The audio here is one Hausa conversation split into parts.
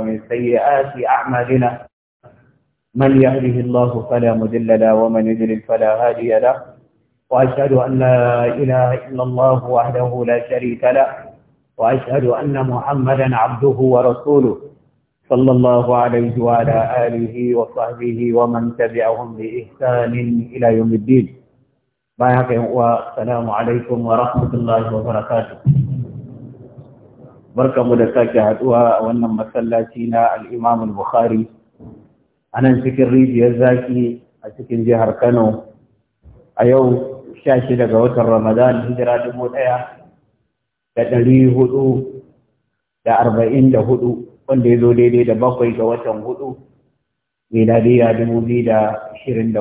ومن سيئات أعمالنا من يهده الله فلا مذل له ومن يذلل فلا هادي له وأشهد أن لا إله إلا الله وحده لا شريك له وأشهد أن محمدا عبده ورسوله صلى الله عليه وعلى آله وصحبه ومن تبعهم بإحسان إلى يوم الدين باقي والسلام عليكم ورحمة الله وبركاته barkamu da sake haduwa a wannan masallaci na al-Imam al-Bukhari anan cikin rijiyar zaki a cikin jihar Kano a yau 16 ga watan Ramadan hijira da 1444 wanda ya zo daidai da bakwai ga watan hudu miladiya 2023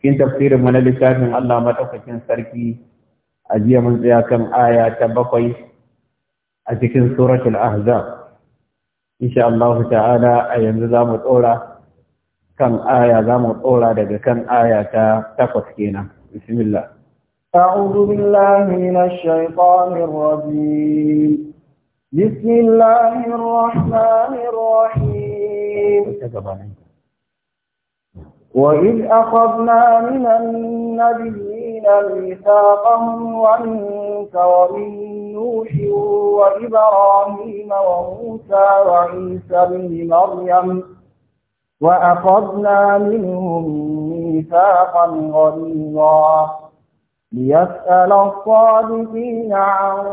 cikin tafsirin mana littafin Allah madaukakin sarki a jiya mun tsaya kan aya ta bakwai a cikin suratul ahzab insha Allah ta'ala a yanzu zamu tsora kan aya zamu tsora daga kan aya ta takwas kenan bismillah a'udhu billahi minash shaitanir rajim bismillahir rahmanir rahim وإذ أخذنا من النبيين ميثاقهم ومنك ومن نوح وإبراهيم وموسى وعيسى بن مريم وأخذنا منهم ميثاقا غليظا ليسأل الصادقين عن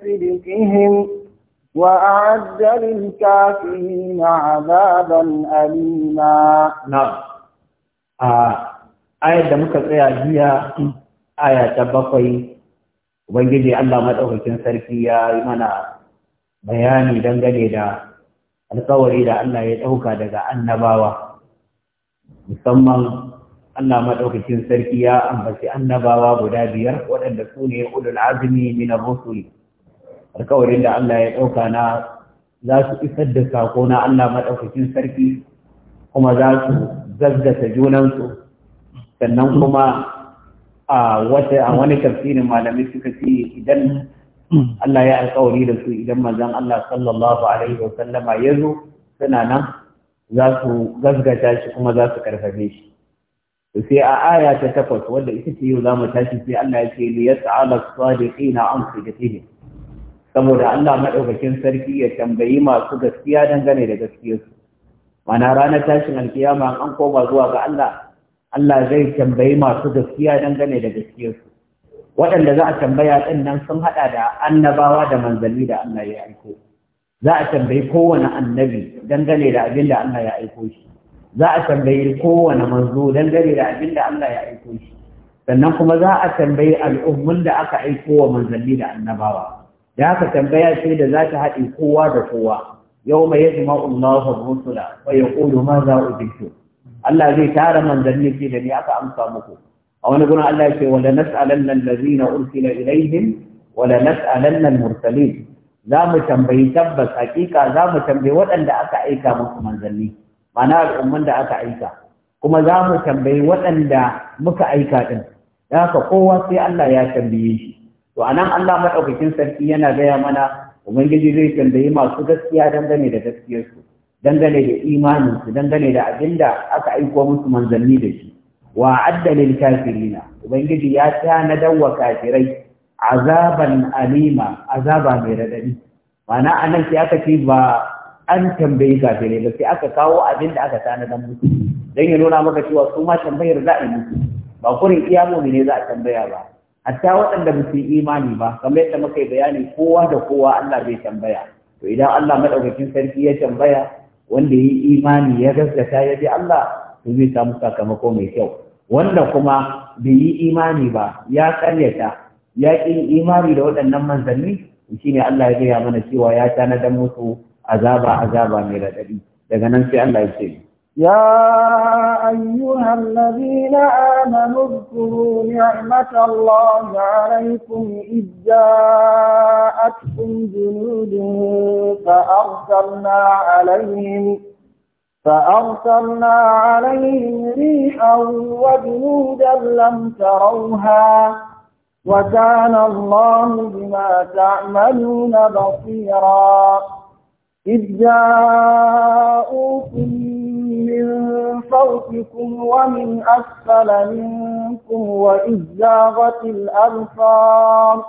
صدقهم وأعد للكافرين عذابا أليما نعم a ayar da muka tsaya jiya aya ta bakwai ubangiji Allah maɗaukakin sarki ya yi mana bayani dangane da alkawari da Allah ya ɗauka daga annabawa musamman Allah maɗaukakin sarki ya ambaci annabawa guda biyar waɗanda su ne ulul azumi min ar-rusuli alkawarin da Allah ya ɗauka na za su isar da sako na Allah maɗaukakin sarki kuma za su zazzata junansu sannan kuma a wata a wani tafsirin malamai suka ce idan Allah ya alkawari da su idan manzon Allah sallallahu alaihi wa sallama ya zo suna nan za su gaskata shi kuma za su karfafe shi sai a aya ta takwas wanda ita ce yau za mu tashi sai Allah ya ce li yas'ala sadiqina an sidiqihim saboda Allah madaukakin sarki ya tambayi masu gaskiya dangane da gaskiyarsu mana ranar tashin alkiyama an koma zuwa ga Allah Allah zai tambayi masu gaskiya dangane da gaskiyarsu waɗanda za a tambaya ɗin nan sun haɗa da annabawa da manzanni da Allah ya aiko za a tambayi kowane annabi dangane da abin da Allah ya aiko shi za a tambayi kowane manzo dangane da abin da Allah ya aiko shi sannan kuma za a tambayi al'ummun da aka aiko wa manzanni da annabawa da haka tambaya sai da za ta haɗe kowa da kowa yawma yajma'u Allahu ar-rusula wa yaqulu madha ubitu Allah zai tara manzanni ce da ni aka amsa muku a wani gurin Allah ya ce wala nas'alanna allazina ursila ilaihim wala nas'alanna al-mursalin za mu tambayi tabbas hakika za mu tambayi waɗanda aka aika musu manzanni ma'ana al'umman da aka aika kuma za mu tambayi waɗanda muka aika ɗin da haka kowa sai Allah ya tambaye shi to anan Allah maɗaukakin sarki yana gaya mana ubangiji zai tambayi masu gaskiya dangane da gaskiyarsu dangane da imaninsu dangane da abin da aka aiko musu manzanni da shi wa addalin kafiri na. ubangiji ya na dawa kafirai azaban alima azaba mai radadi ma'ana nan sai aka ce ba an tambayi kafirai ba sai aka kawo abin da aka dan musu don ya nuna maka cewa su ma tambayar za a yi musu ba kurin iya ne za a tambaya ba hatta waɗanda ba su yi imani ba kamar yadda muka yi bayani kowa da kowa Allah bai tambaya to idan Allah madaukakin sarki ya tambaya wanda ya yi imani ya gaskata ya bi Allah to zai samu sakamako mai kyau wanda kuma bai yi imani ba ya karyata ya ƙi imani da waɗannan manzanni ne Allah ya gaya mana cewa ya tanadar musu azaba azaba mai raɗaɗi daga nan sai Allah ya ce يا أيها الذين آمنوا اذكروا نعمة الله عليكم إذ جاءتكم جنود فأرسلنا عليهم فأرسلنا عليهم ريحا وجنودا لم تروها وكان الله بما تعملون بصيرا إذ جاءوكم من فوقكم ومن أسفل منكم وإذ زاغت الأبصار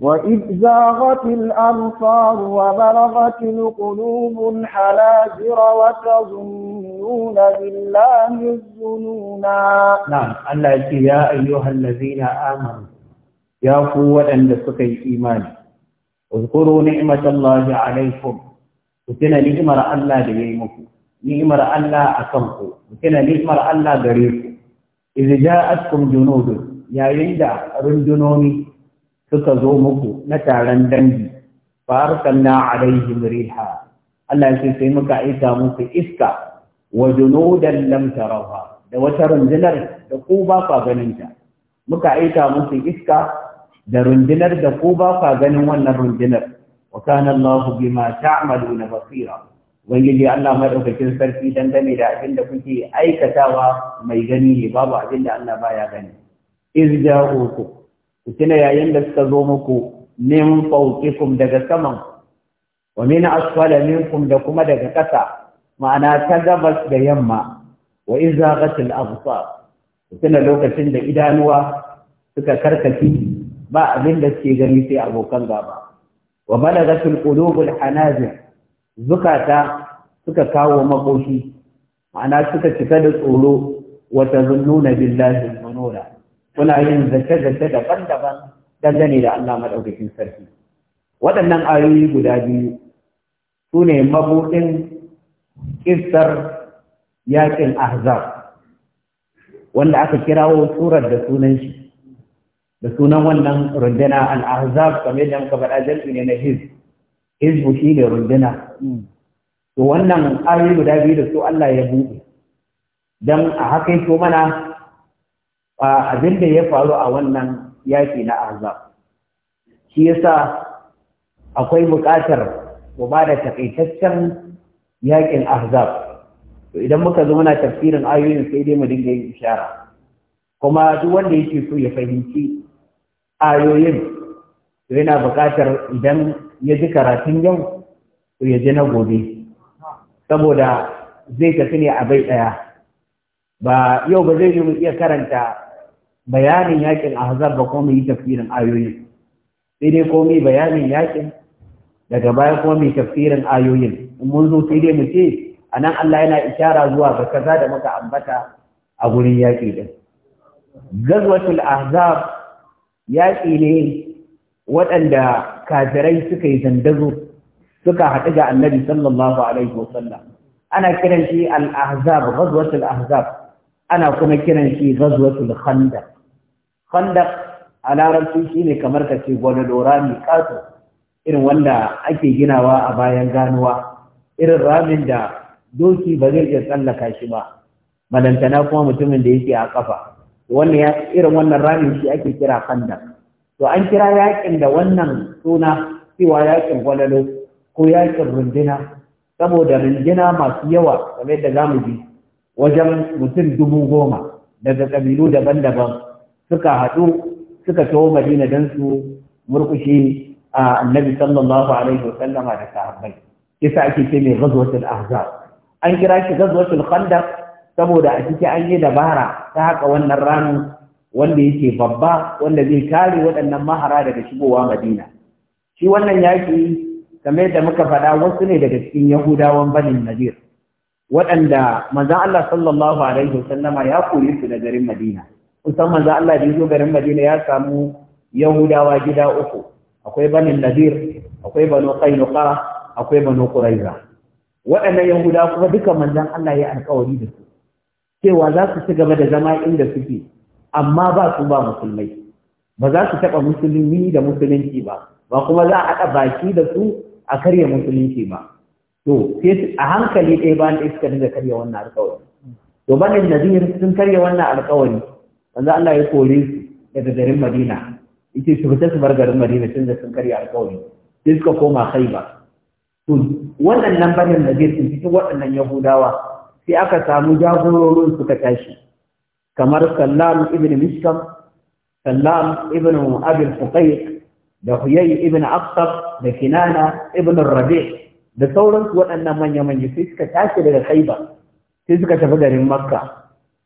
وإذ زاغت الأبصار وبلغت القلوب الحناجر وتظنون بالله الظنونا نعم الله يا أيها الذين آمنوا يا قوة أن الإيمان إيمان اذكروا نعمة الله عليكم وتنا نعمة الله ليمكم ni'imar Allah akan ku kina ni'imar Allah gare ku idza ja'atkum junudun yayin da rundunoni suka zo muku na taron dangi fa arsalna alaihim riha Allah ya sai muka aika musu iska wa junudan lam tarawha da wata rundunar da ku ba ka ganin ta muka aika musu iska da rundunar da ku ba ka ganin wannan rundunar wa kana Allahu bima ta'maluna basira ubangiji Allah madaukakin sarki dangane da abin da kuke aikatawa mai gani ne babu abin da Allah baya gani irja'uku ku tuna yayin da suka zo muku min fawqikum daga saman wa min asfala minkum da kuma daga ƙasa ma'ana ta gabas da yamma wa izaghatil absar ku tuna lokacin da idanuwa suka karkaci ba abin da suke gani sai abokan gaba wa balagatul qulubul hanazir zukata suka kawo makoshi ma'ana suka cika da tsoro wata zunnuna billahi manura kuna yin zace-zace daban-daban dangane da Allah madaukakin sarki waɗannan ayoyi guda biyu sune ne mabuɗin ƙistar yaƙin ahzab wanda aka kirawo surar da sunan shi da sunan wannan runduna al kamar yadda muka faɗa jam'i ne na hizb hizbu shi ne runduna to wannan ayoyi guda biyu da su Allah ya buɗe don a haka yake mana abin da ya faru a wannan yaƙi na azab shi yasa akwai buƙatar ku ba da takaitaccen yaƙin ahzab to idan muka zo muna tafsirin ayoyin sai dai mu dinga yin ishara kuma duk wanda yake so ya fahimci ayoyin to yana buƙatar idan ya ji karatun yau to ya na gobe saboda zai tafi ne a bai ɗaya ba yau ba zai mu iya karanta bayanin yakin ahzab ba ko mu yi tafsirin ayoyin sai dai ko mu bayanin yakin daga baya kuma mu tafsirin ayoyin mun zo sai dai mu ce anan Allah yana ishara zuwa ga kaza da muka ambata a gurin yaki din gazwatul ahzab yaki ne waɗanda kafirai suka yi zandazo suka haɗu ga annabi sallallahu alaihi wasallam ana kiran shi al-ahzab ghazwatul ahzab ana kuma kiran shi ghazwatul khandaq khandaq a larabci shine kamar ka ce gwada dora mai kato irin wanda ake ginawa a bayan ganuwa irin ramin da doki ba zai iya tsallaka shi ba malantana kuma mutumin da yake a kafa wannan irin wannan ramin shi ake kira khandaq to an kira yakin da wannan suna cewa yakin gwalalo ko yakin runduna saboda runduna masu yawa kamar da zamu ji wajen mutum dubu goma daga ƙabilu daban-daban suka haɗu suka taho madina don su murkushe a annabi sallallahu alaihi sallama da sahabbai kisa ake ce mai ghazwatul ahzab an kira shi ghazwatul khandaq saboda a ciki an yi dabara ta haka wannan ramin wanda yake babba wanda zai kare waɗannan mahara daga shigowa madina shi wannan yaki kamar yadda muka faɗa wasu ne daga cikin yahudawan banin nadir waɗanda manzan Allah sallallahu alaihi wasallama ya kore su da garin madina kusan manzan Allah da zo garin madina ya samu yahudawa gida uku akwai banin nadir akwai banu qainuqa akwai banu quraiza waɗannan yahudawa kuma duka manzan Allah ya alƙawari da su cewa za su ci gaba da zama inda suke amma ba su ba musulmai ba za su taɓa musulmi da musulunci ba ba kuma za a haɗa baki da su a karya musulunci ma to sai a hankali ɗaya bayan ɗaya suka dinga karya wannan alƙawari to ba da sun karya wannan alƙawari manzo Allah ya kore su daga garin Madina yace su fita su bar garin Madina tun da sun karya alƙawari sai suka koma kai ba. to wannan nan banin nazir sun fito waɗannan Yahudawa sai aka samu jagororin suka tashi kamar Sallam ibn Mishkam Sallam ibn Abi al-Fuqayq da huyayi ibn Aqtab da Kinana ibn Rabi' da sauransu waɗannan manya-manya sai suka tashi daga Khaibar sai suka tafi garin Makka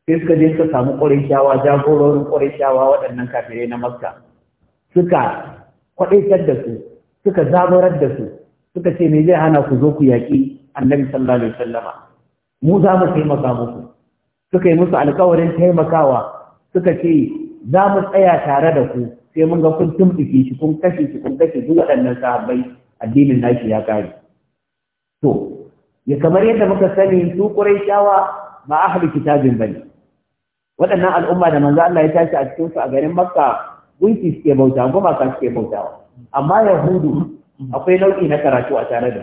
sai suka je suka samu Qurayshawa jagororin Qurayshawa waɗannan kafirai na Makka suka kwadaitar da su suka zaburar da su suka ce me zai hana ku zo ku yaƙi annabi sallallahu alaihi wasallama mu za mu taimaka muku suka yi musu alƙawarin taimakawa suka ce za mu tsaya tare da ku sai mun ga kun tumɗuke shi kun kashe shi kun kashe duk waɗannan sahabbai addinin nashi ya kare to ya kamar yadda muka sani su Qurayshawa ba ahli kitabin bane waɗannan al'umma da manzo Allah ya tashi a cikin su a garin Makka gunki suke bauta gumaka suke bautawa amma yahudu akwai nau'i na karatu a tare da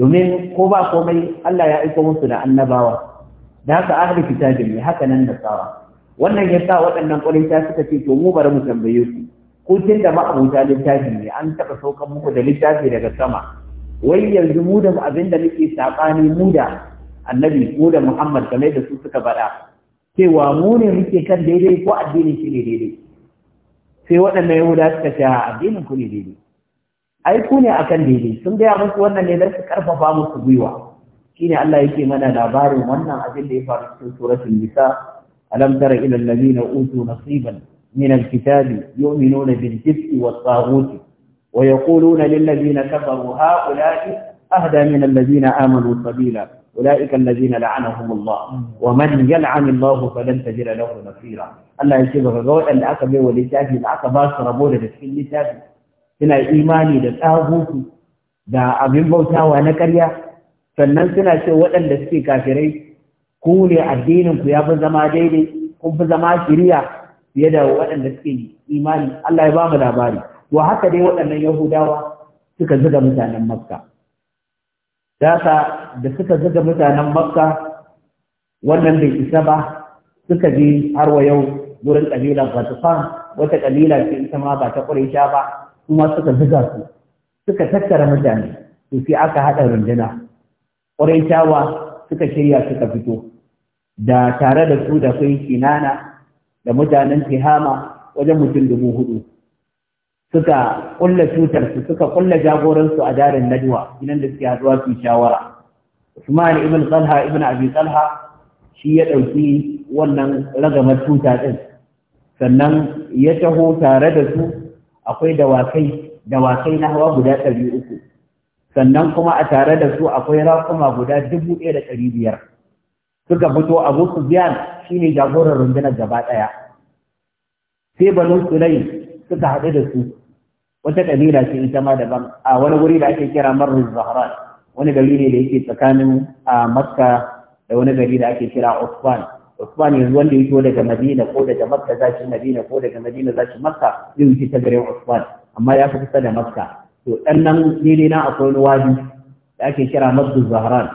domin ko ba komai Allah ya aiko musu da annabawa da haka ahli kitabin ne haka nan da sawa wannan ya sa waɗannan ƙwarinta suka ce to mu bari mu tambaye ku ko tun da ma'abuta littafi ne an taɓa saukan muku da littafi daga sama wai yanzu mu da abin da muke saɓani mu da annabi mu da muhammad kamar da su suka faɗa cewa mu ne muke kan daidai ko addini shi ne daidai sai waɗannan yahuda suka ce addinin ku ne daidai ai ku ne akan daidai sun gaya musu wannan ne don su karfafa musu gwiwa shine Allah yake mana labarin wannan abin da ya faru cikin suratul nisa ألم تر إلى الذين أوتوا نصيبا من الكتاب يؤمنون بالجبت والطاغوت ويقولون للذين كفروا هؤلاء أهدى من الذين آمنوا سبيلا أولئك الذين لعنهم الله ومن يلعن الله فلن تجد له نصيرا الله ya ce ba ga waɗanda aka في wa هنا إيماني للآغوت دا أبين rabo وانا كريا littafi suna imani da كافرين ku ne addinin ku ya fi zama daidai kun fi zama shiriya fiye da waɗanda suke imani Allah ya ba mu labari to haka dai waɗannan yahudawa suka zuga mutanen makka dasa da suka zuga mutanen makka wannan bai isa ba suka je har wa yau wurin kabilar Fatifan wata kabila ce ita ma ba ta Quraisha ba kuma suka zuga su suka tattara mutane to sai aka haɗa runduna Quraishawa suka shirya suka fito da tare da su da kai kinana da mutanen tihama wajen mutum dubu hudu suka kulla cutarsu suka kulle jagoransu a darin najwa inan da suke haduwa su shawara usman ibn talha ibn abi talha shi ya ɗauki wannan ragamar tuta ɗin sannan ya taho tare da su akwai dawakai dawakai na hawa guda ɗari uku sannan kuma a tare da su akwai rakuma guda dubu ɗaya da ɗari biyar suka fito abu sufyan shine jagoran rundunar gaba ɗaya. sai banu sulai suka haɗu da su wata kabila ce ita ma daban a wani wuri da ake kira marru zahran wani gari ne da yake tsakanin a makka da wani gari da ake kira usman usman yanzu wanda ya daga madina ko daga makka za shi madina ko daga madina za shi makka zai wuce ta garin usman amma ya fi kusa da makka to ɗan nan daidai na akwai wani wadi da ake kira marru zahran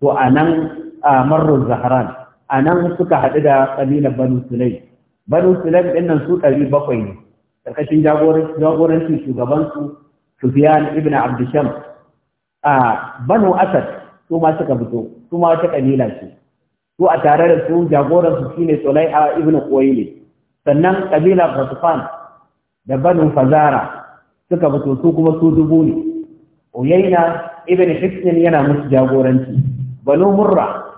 to a nan a marrun zaharan a nan suka haɗu da ƙabilar banu sulaim banu sulaim ɗin su ɗari bakwai ne ƙarƙashin jagorancin shugabansu sufiyan ibn abdisham a banu asad su ma suka fito su ma wata ƙabila ce su a tare da su jagoransu shine Sulai'a ibn Quwayli sannan kabila Ghatfan da Banu Fazara suka fito su kuma su dubu ne Uyayna ibn Hisn yana musu jagoranci Banu Murra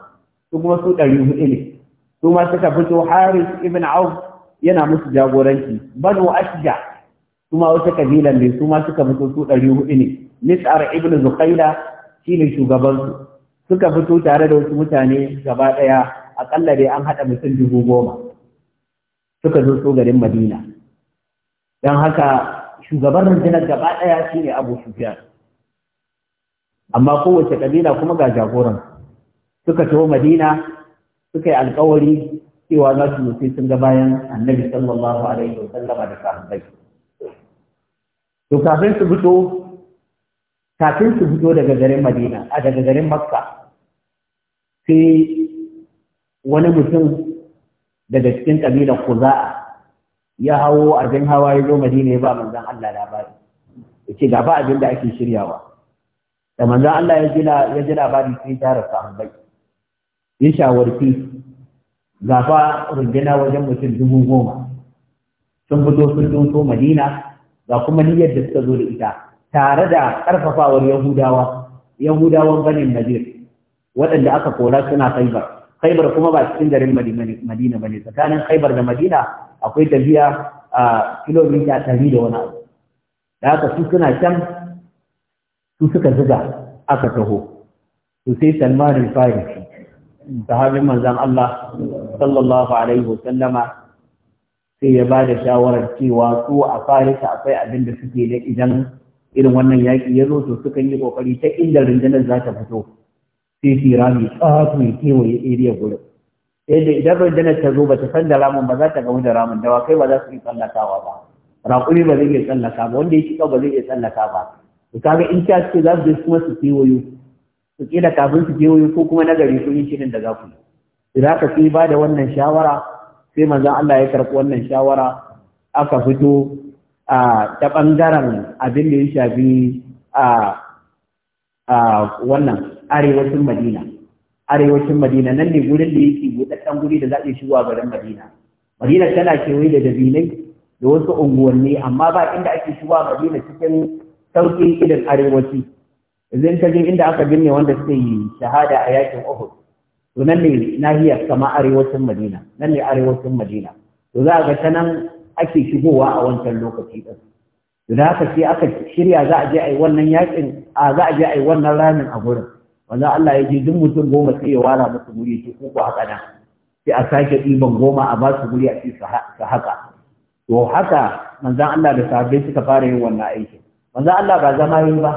su kuma su ɗari huɗu ne su ma suka fito haris ibn auf yana musu jagoranci banu ashja su ma wata kabila ne su ma suka fito su ɗari huɗu ne nisar ibn Zuqaila shine shugabansu suka fito tare da wasu mutane gaba ɗaya aƙalla dai an haɗa mutum dubu goma suka zo so garin madina don haka shugaban rundunar gaba ɗaya shine abu sufyan amma kowace ƙabila kuma ga jagoransu suka taho madina suka yi alkawari cewa za su mutu sun ga bayan annabi sallallahu alaihi wa sallama da sahabbai to kafin su fito kafin su fito daga garin madina a daga garin makka sai wani mutum daga cikin kabilar kuza'a ya hawo abin hawa ya zo madina ya ba manzan Allah labari ya ce ga ba abin da ake shiryawa da manzan Allah ya ji labari sai ya tara sahabbai ya shawarci gafa rundunar wajen mutum dubu goma sun fito sun doso madina ga kuma niyyar da suka zo da ita tare da ƙarfafawar yahudawa yahudawan banin nazir waɗanda aka kora suna khaibar khaibar kuma ba cikin garin madina bane tsakanin khaibar da madina akwai tafiya a kilomita ɗari da wani abu da haka su suna can su suka zuga aka taho to sai salman sahabin manzan Allah sallallahu alaihi wasallama sai ya ba da shawarar cewa su a farisa akwai abin da suke da idan irin wannan yaƙi ya zo to suka yi ƙoƙari ta inda rundunar za ta fito sai su rami tsafi kewaye area gurin yadda idan rundunar ta zo ba ta san da ramin ba za ta gamu da ramin dawa kai ba za su yi tsallakawa ba raƙuri ba zai iya tsallaka ba wanda ya shiga ba zai iya tsallaka ba to kaga in ta ce za su je kuma su kewayo su kila kafin su je ko kuma nagari sun yi shirin da za ku yi za ka sai ba da wannan shawara sai manzon Allah ya karɓi wannan shawara aka fito a ta ɓangaren abin da ya shafi a wannan arewacin madina arewacin madina nan ne gurin da yake buɗaɗɗen guri da za a shigo a garin madina madina tana kewaye da dabinai da wasu unguwanni amma ba inda ake shigowa a madina cikin sauƙin irin arewaci idan ka je inda aka binne wanda suka yi shahada a yakin Uhud to nan ne nahiyar kama arewacin Madina nan ne arewacin Madina to za ga ta nan ake shigowa a wancan lokaci din to da haka sai aka shirya za a je a yi wannan yakin a za a je a yi wannan ramin a gurin wanda Allah ya ji duk mutum goma sai ya wala musu guri ce ko a kana sai a sake ɗiban goma a ba su guri a su haka to haka manzan Allah da sahabbai suka fara yin wannan aikin manzan Allah ba zama yi ba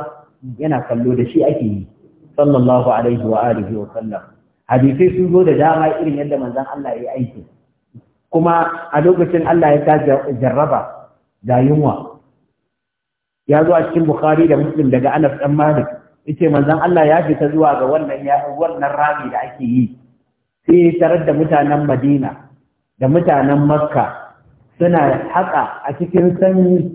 yana kallo da shi ake yi sallallahu alaihi wa alihi wa sallam hadisi sun zo da dama irin yadda manzon Allah ya yi aiki kuma a lokacin Allah ya ta jarraba da yunwa ya zo a cikin Bukhari da Muslim daga Anas dan Malik yace manzon Allah ya fita zuwa ga wannan wannan rami da ake yi sai tarar da mutanen Madina da mutanen Makka suna haƙa a cikin sanyi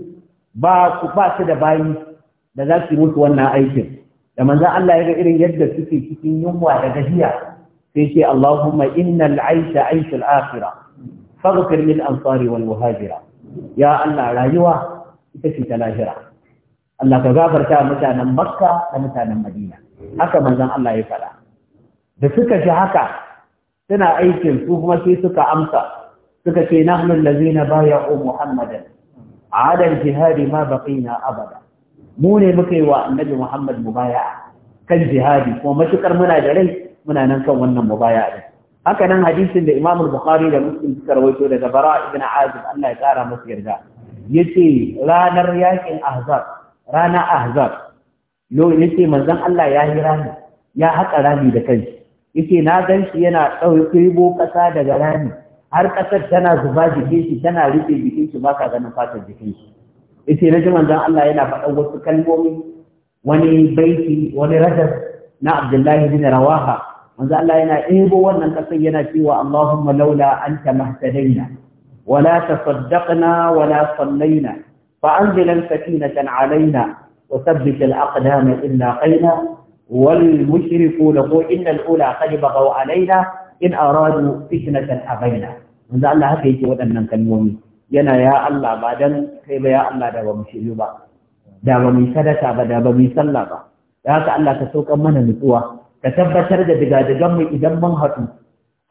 ba ku ba su da bayi da za su mutu wannan aikin da manzo Allah ya ga irin yadda suke cikin yunwa da gajiya sai ce Allahumma innal aisha aishul akhira faghfir lil ansari wal muhajira ya Allah rayuwa ita ce ta lahira Allah ka gafarta mutanen Makka da mutanen Madina haka manzon Allah ya faɗa da suka ji haka suna aikin su kuma sai suka amsa suka ce nahnu allazina bay'u muhammadan ala al-jihad ma baqina abada mu ne muka yi wa annabi Muhammad mubaya'a kan jihadi kuma matukar muna da rai muna nan kan wannan mubaya'a din haka nan hadisin da Imam Bukhari da Muslim suka rawaito daga Bara ibn Azib Allah ya tsara masa yarda yace ranar yakin Ahzab rana Ahzab lo yace manzon Allah ya yi rani ya haka rani da kanshi yace na gan shi yana ɗauko kasa daga rani har kasar tana zuba jikin shi tana rufe jikin shi ba ka ganin fatar jikin shi ita na jin manzon Allah yana faɗan wasu kalmomi wani baiti wani rajar na Abdullahi bin Rawaha manzon Allah yana ɗebo wannan kasan yana cewa Allahumma laula anta mahtadaina wala tasaddaqna wala sallaina fa anzil sakinatan alaina wa thabbit al aqdama illa qaina wal mushrikuun qul inna al ula qad baghaw alaina in aradu fitnatan abaina manzon Allah haka yake waɗannan kalmomi yana ya Allah ba dan kai ba ya Allah da ba mu shiryu ba da ba mu sadaka ba da ba mu sallah ba da haka Allah ka sauka mana nutsuwa ka tabbatar da digadigan mu idan mun haɗu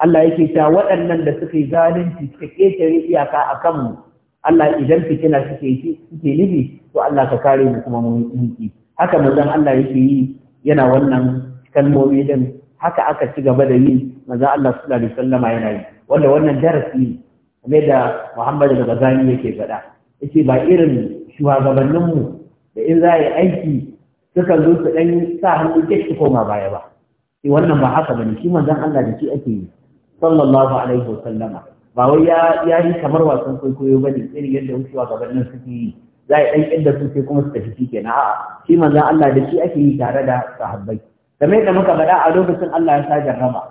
Allah yake ta waɗannan da suka yi zalunci suka ketare iyaka a kanmu Allah idan fitina suke yi suke nufi to Allah ka kare mu kuma mun yi haka manzon Allah yake yi yana wannan kalmomi din haka aka ci gaba da yi manzon Allah sallallahu alaihi wasallama yana yi wanda wannan darasi ne kuma da Muhammadu da Bazani yake faɗa yace ba irin shugabanninmu da in za a yi aiki suka zo su ɗan sa hannu ke shi koma baya ba shi wannan ba haka bane shi manzon Allah da shi ake yi sallallahu alaihi wasallama ba wai ya ya yi kamar wasan kwaikwayo ne irin yadda wasu shugabannin suke yi za a yi ɗan inda su sai kuma su tafi shi kenan a'a shi manzon Allah da shi ake yi tare da sahabbai kamar da muka faɗa a lokacin Allah ya sa jarraba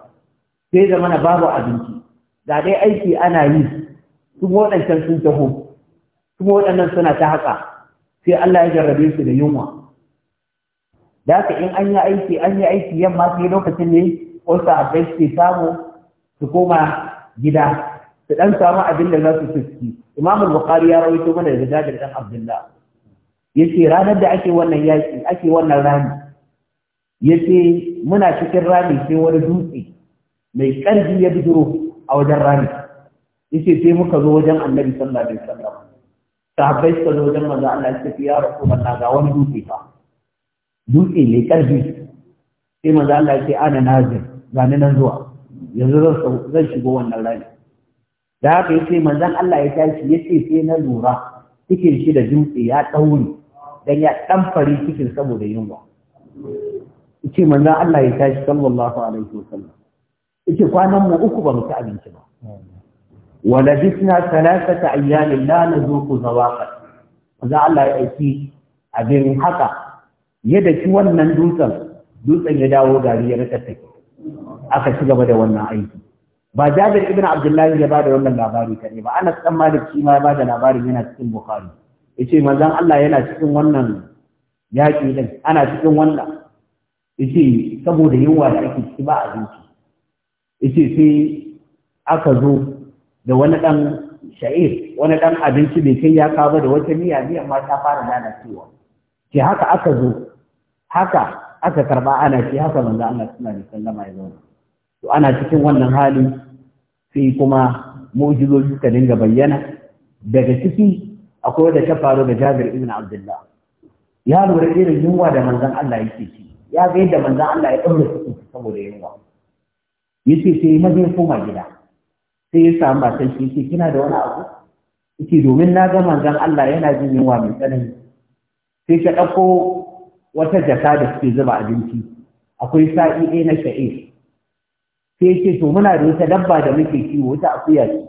sai zamana babu abinci Da dai aiki ana yi sun waɗancan sun taho kuma waɗannan suna ta haƙa, sai Allah ya jarrabe su da yunwa da haka in an yi aiki an yi aiki yamma sai lokacin ne wasu abai suke samu su koma gida su ɗan samu abin da za su fuski imam bukhari ya rawaito mana da jabir dan abdullah yace ranar da ake wannan yaki ake wannan rami yace muna cikin rami sai wani dutse mai ƙarfi ya duro a wajen rami yace sai muka zo wajen annabi sallallahu alaihi wasallam sahabbai suka zo wajen manzo Allah ya ce ya rasulullah ga wani dutse fa dutse mai karfi sai manzo Allah ya ce ana nazir ga ni nan zuwa yanzu zan zan shigo wannan rani da haka yace manzon Allah ya tashi yace sai na lura cikin shi da dutse ya daure dan ya fari cikin saboda yunwa yace manzon Allah ya tashi sallallahu alaihi wasallam yace kwanan mu uku ba mu ci abinci ba ولبثنا ثلاثة أيام لا نذوق ذواقا za Allah ya aiki abin haka ya daki wannan dutsen dutsen ya dawo gari ya rika take aka ci gaba da wannan aiki ba Jabir ibn Abdullahi ya bada wannan labari kane ba Anas dan Malik shi ma ya bada labarin yana cikin Bukhari yace manzon Allah yana cikin wannan yaki din ana cikin wannan yace saboda yunwa da ake ciki ba abinci yace sai aka zo da wani ɗan sha'ir wani ɗan abinci bai kai ya kawo da wata miya miyan ma ta fara lalacewa ke haka aka zo haka aka karba ana ce haka manzo Allah sallallahu alaihi wasallam ya zauna to ana cikin wannan hali sai kuma mu'jizoji suka dinga bayyana daga ciki akwai wanda ta faru da Jabir ibn Abdullah ya lura irin yunwa da manzon Allah yake ci ya ga yadda manzon Allah ya ɗaura cikin saboda yunwa yace sai maza ya koma gida sai ya samu matan shi kina da wani abu yake domin na ga manzon Allah yana jin yunwa mai tsanani sai ta ɗauko wata jaka da suke zuba abinci akwai sa'i ɗaya na sha'i sai ce to muna da wata dabba da muke kiwo wata akuya ce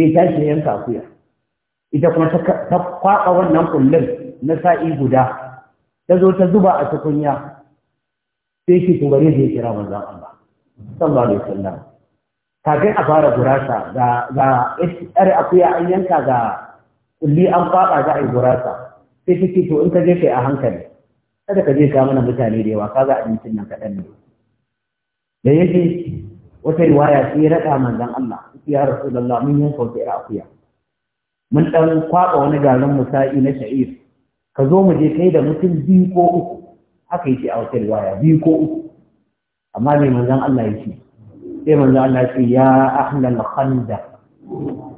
sai ta shi yanka akuya ita kuma ta kwaɓa wannan kullum na sa'i guda ta zo ta zuba a tukunya sai ce to bari zai kira manzon Allah sallallahu alaihi wasallam kafin a fara gurasa ga ga yar akuya an yanka ga kulli an faɗa za a yi gurasa sai kike to in ka je kai a hankali kada ka je ka mana mutane da yawa kaga abincin nan kaɗan ne da yake wata riwaya sai ya raɗa manzon Allah ya rasulullah mun yanka wata akuya mun ɗan kwaɓa wani garin musa'i na sha'ir ka zo mu je kai da mutum biyu ko uku haka yake a wata riwaya biyu ko uku amma mai manzon Allah yake sai manzo Allah ce ya ahlal khanda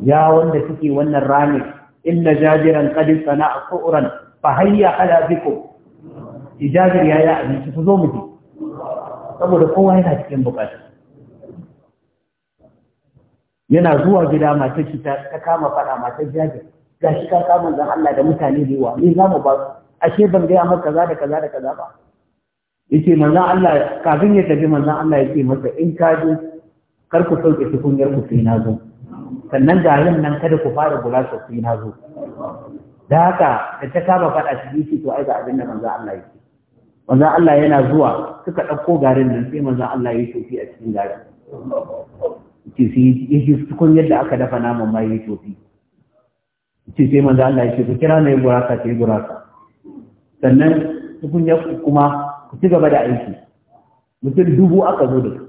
ya wanda suke wannan rani inna jajiran qad sana'a quran fa hayya ala bikum ijabir ya ya abinci ku zo mu saboda kowa yana cikin bukata yana zuwa gida mata ki ta kama fara mata jajir ga shi ka kama zan Allah da mutane da yawa ni za mu ba su ashe ban gaya amma kaza da kaza da kaza ba yace manzo Allah kafin ya tafi manzo Allah yace masa in ka kar ku sauke kungiyar ku sai na zo sannan yin nan kada ku fara gurasa sai na zo da haka da ta kama faɗa shi shi to ai ga abin da manzo Allah yake manzo Allah yana zuwa suka ɗauko garin nan sai manzo Allah ya tofi a cikin garin ce sai ya ji tukun yadda aka dafa naman ma ya tofi ki sai manzo Allah ya ce ku kira ne gurasa sai ka sannan tukun ku kuma ku ci gaba da aiki mutum dubu aka zo da su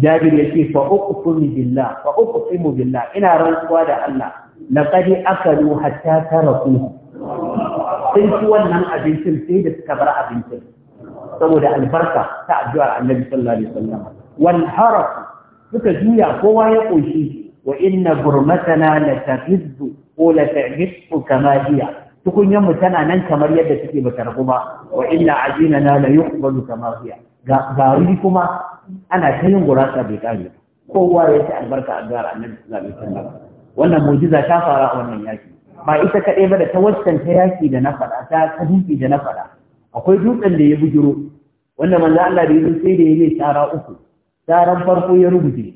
jabir ce fa uqsimu billah fa uqsimu billah ina rantsuwa da Allah laqad akalu hatta taraku sun ci wannan abincin sai da suka bar abincin saboda albarka ta addu'ar Annabi sallallahu alaihi wasallam wal haraf suka juya kowa ya koshi wa inna burmatana la tafizzu ko la kama hiya mu tana nan kamar yadda take bata rabu ba wa inna ajinana la yuqbalu kama jiya. ga gari kuma ana ta yin gurasa bai kare kowa ya ce albarka a gara annabi zaɓe alaihi wannan mu'jiza ta fara a wannan yaki ba ita kaɗai ba da ta waccan ta yaki da na faɗa ta dutse da na faɗa akwai dutsen da ya bujiro wanda manzo Allah da yi sai da ya yi tsara uku tsaran farko ya rubuce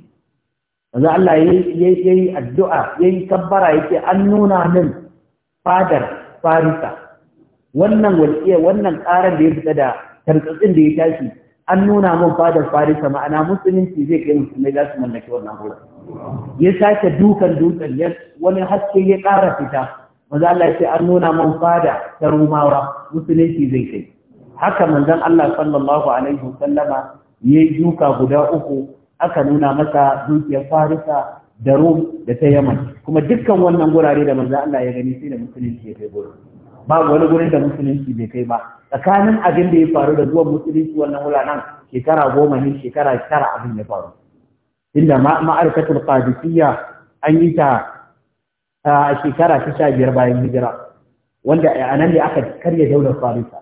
manzo Allah ya yi addu'a ya yi kabbara ya ce an nuna min fadar farisa wannan walƙiya wannan ƙarar da ya fita da tarkatsin da ya tashi an nuna mun fadar farisa ma'ana musulunci zai kai musulmai za su mallaki wannan wurin ya sake dukan dutsen ya wani haske ya ƙara fita maza Allah ya ce an nuna mun fada ta rumawa musulunci zai kai haka manzon Allah sallallahu alaihi wasallama ya yi duka guda uku aka nuna masa dukiyar farisa da rum da ta yaman kuma dukkan wannan gurare da manzon Allah ya gani sai da musulunci ya kai gurin Ba wani gurin da musulunci bai kai ba tsakanin abin da ya faru da zuwan musulunci wannan nan, shekara goma ne shekara tara abin ya faru inda ma'arkatul qadisiyya an yi ta a shekara ta sha biyar bayan hijira wanda a nan ne aka karya daular farisa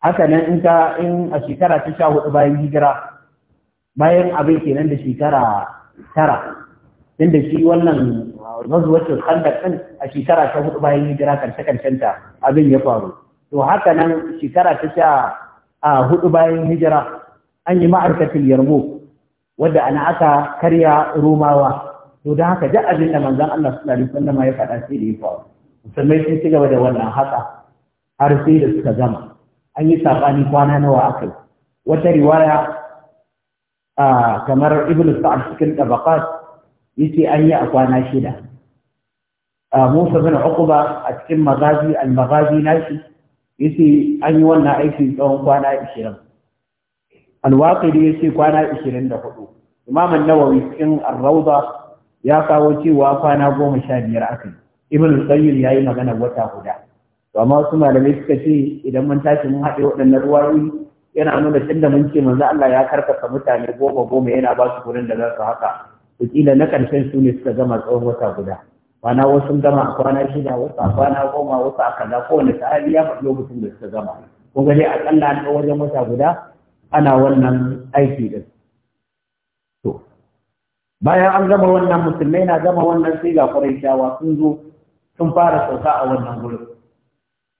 haka nan in ka in a shekara ta sha hudu bayan hijira bayan abin kenan da shekara tara din da shi wannan mazuwacin khandaq din a shekara ta hudu bayan hijira karshe karshen ta abin ya faru to haka nan shekara ta sha a hudu bayan hijira an yi ma'arkatul yarmuk wadda ana aka karya rumawa to don haka duk abin da manzon Allah sallallahu alaihi wasallam ya faɗa sai da ya faru musulmai sun ci gaba da wannan haka har sai da suka gama an yi sabani kwana nawa yi. wata riwaya kamar ibnu sa'ad cikin tabaqat yace an yi a kwana shida a Musa bin Uqba a cikin magazi al-magazi nashi yace an yi wannan aiki tsawon kwana 20 al-waqidi yace kwana 24 Imam an-Nawawi cikin ar-Rawda ya kawo cewa kwana 15 akai Ibn al-Qayyim yayi magana wata guda to amma su malamai suka ce idan mun tashi mun haɗe waɗannan ruwayoyi yana nuna tunda mun ce manzo Allah ya karkasa mutane goma goma yana ba su gurin da za su haka kila na ƙarshen su ne suka gama tsawon wata guda kwana wasu gama a kwana shida wasu a kwana goma wasu a kaza kowane sahabi ya faɗi lokacin da suka gama ko gani a akalla an wajen wata guda ana wannan aiki din to bayan an gama wannan musulmai na gama wannan sai ga ƙurayshawa sun zo sun fara sauka a wannan gurin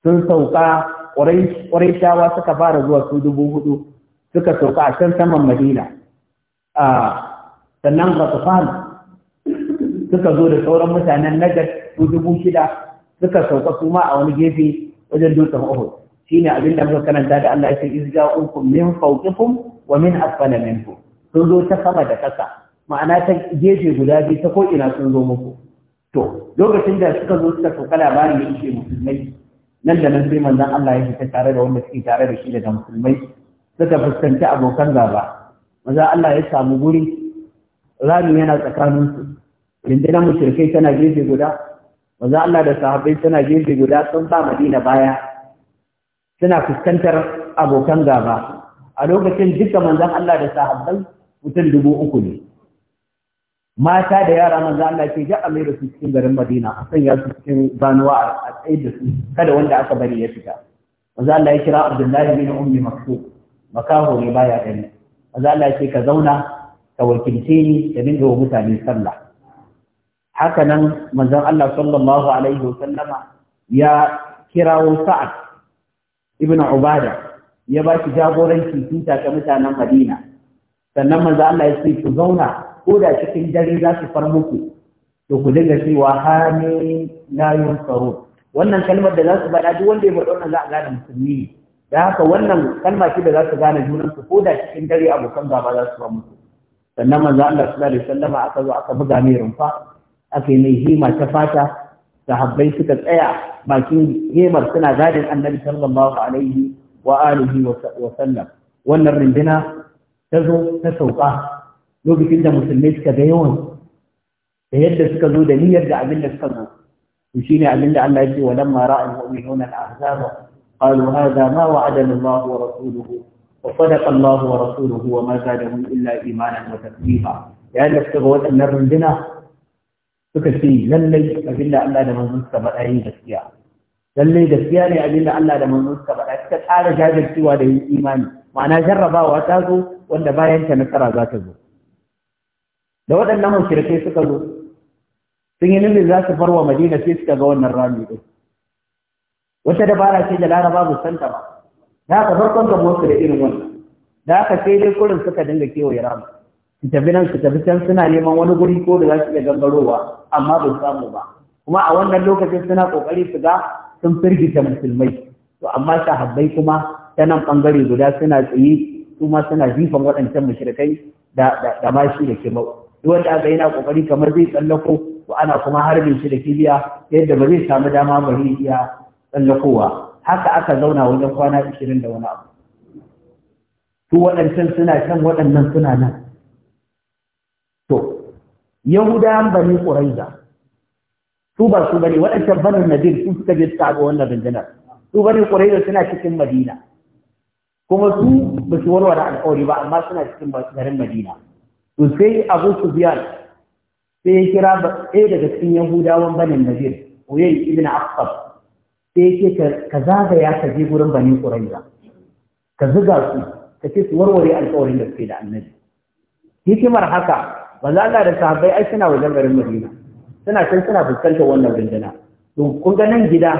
sun sauka ƙurayshawa suka fara zuwa su dubu hudu suka sauka a can saman madina a ah, sannan ghatfan suka zo da sauran mutanen najar su dubu shida suka sauka su ma a wani gefe wajen dutsen uhud shine abin da muka karanta da Allah ya ce izja'ukum min fawqikum wa min asfala minkum sun zo ta sama da ƙasa ma'ana ta gefe guda biyu ta ko'ina sun zo muku to lokacin da suka zo suka sauka labarin da yake musulmai nan da nan sai manzon Allah ya fita tare da wanda suke tare da shi daga musulmai suka fuskanci abokan gaba maza Allah ya samu guri rami yana tsakaninsu rundunar mushrikai tana gefe guda wanzu Allah da sahabbai tana gefe guda sun ba madina baya suna fuskantar abokan gaba a lokacin duka manzan Allah da sahabbai mutum dubu uku ne mata da yara manzan Allah ke ja amira su cikin garin madina a sanya su cikin banuwa a tsaye da su kada wanda aka bari ya fita maza Allah ya kira abdullahi bin ummi maksu makaho ne baya gani maza Allah ya ce ka zauna Ka wakilce ni da dinga wa mutane sallah haka nan manzon Allah sallallahu alaihi wasallama ya kirawo Sa'ad ibn Ubada ya ba shi jagoranci tuta ga mutanen Madina sannan manzon Allah ya ce ku zauna ko da cikin dare za su far muku to ku dinga cewa hami la yunsarun wannan kalmar da za su faɗa duk wanda ya bada wannan za a gane musulmi da haka wannan kalma ce da za su gane junansu ko da cikin dare abokan gaba za su ba muku. sannan manzo Allah sallallahu alaihi wasallam aka zo aka buga mai rumfa aka yi mai hima ta fata sahabbai suka tsaya bakin hemar suna gadin annabi sallallahu alaihi wa alihi wa sallam wannan rindina ta zo ta sauka lokacin da musulmai suka ga yawan da yadda suka zo da niyyar da abin da suka zo to shine abin da Allah ya ce wa lamma ra'al mu'minuna al-ahzaba qalu hadha ma wa'adana Allah wa rasuluhu وصدق الله ورسوله وما زادهم إلا إيمانا وتسليما يعني افتغوة أن رندنا تكفي للي أبن الله لمن نسك بأي بسيا للي بسيا لي أبن الله لمن نسك بأي تتعالى جاجل سوى لي إيماني معنى جربا وأتاغو وأن باين تنسرى ذاته da waɗannan mashirkai suka zo sun yi nufin za su farwa madina sai suka ga wannan rami ɗin wata dabara ce da laraba musanta ba da aka farkon ka su da irin wannan da aka sai dai kurin suka dinga kewaye rama su tafi nan su tafi can suna neman wani guri ko da za su iya gangarowa amma bai samu ba kuma a wannan lokacin suna kokari su ga sun firgita musulmai to amma sahabbai kuma ta nan bangare guda suna tsaye su suna jifan waɗancan mashirkai da da mashi da kibau duk wanda aka yana kokari kamar zai tsallako ko ana kuma harbin shi da kibiya yadda ba zai samu dama ba zai iya tsallakowa haka aka zauna wajen kwana 20 da wani abu su waɗancan suna can waɗannan suna nan to yahudawan bani ƙuraiza su ba su bane waɗancan banin nadir su suka je suka ga wannan rundunar su bani ƙuraiza suna cikin madina kuma su ba su warware alƙawari ba amma suna cikin garin madina to sai abu sufyan sai ya kira ɗaya daga cikin yahudawan banin nadir uyay ibn aqsab sai ce ka zagaya ka je gurin bani ƙuraiza ka zuga su ka ce su warware alƙawarin da suke da annabi hikimar haka ba za da sahabbai ai suna wajen garin Madina suna can suna fuskantar wannan rundunar to kun ga nan gida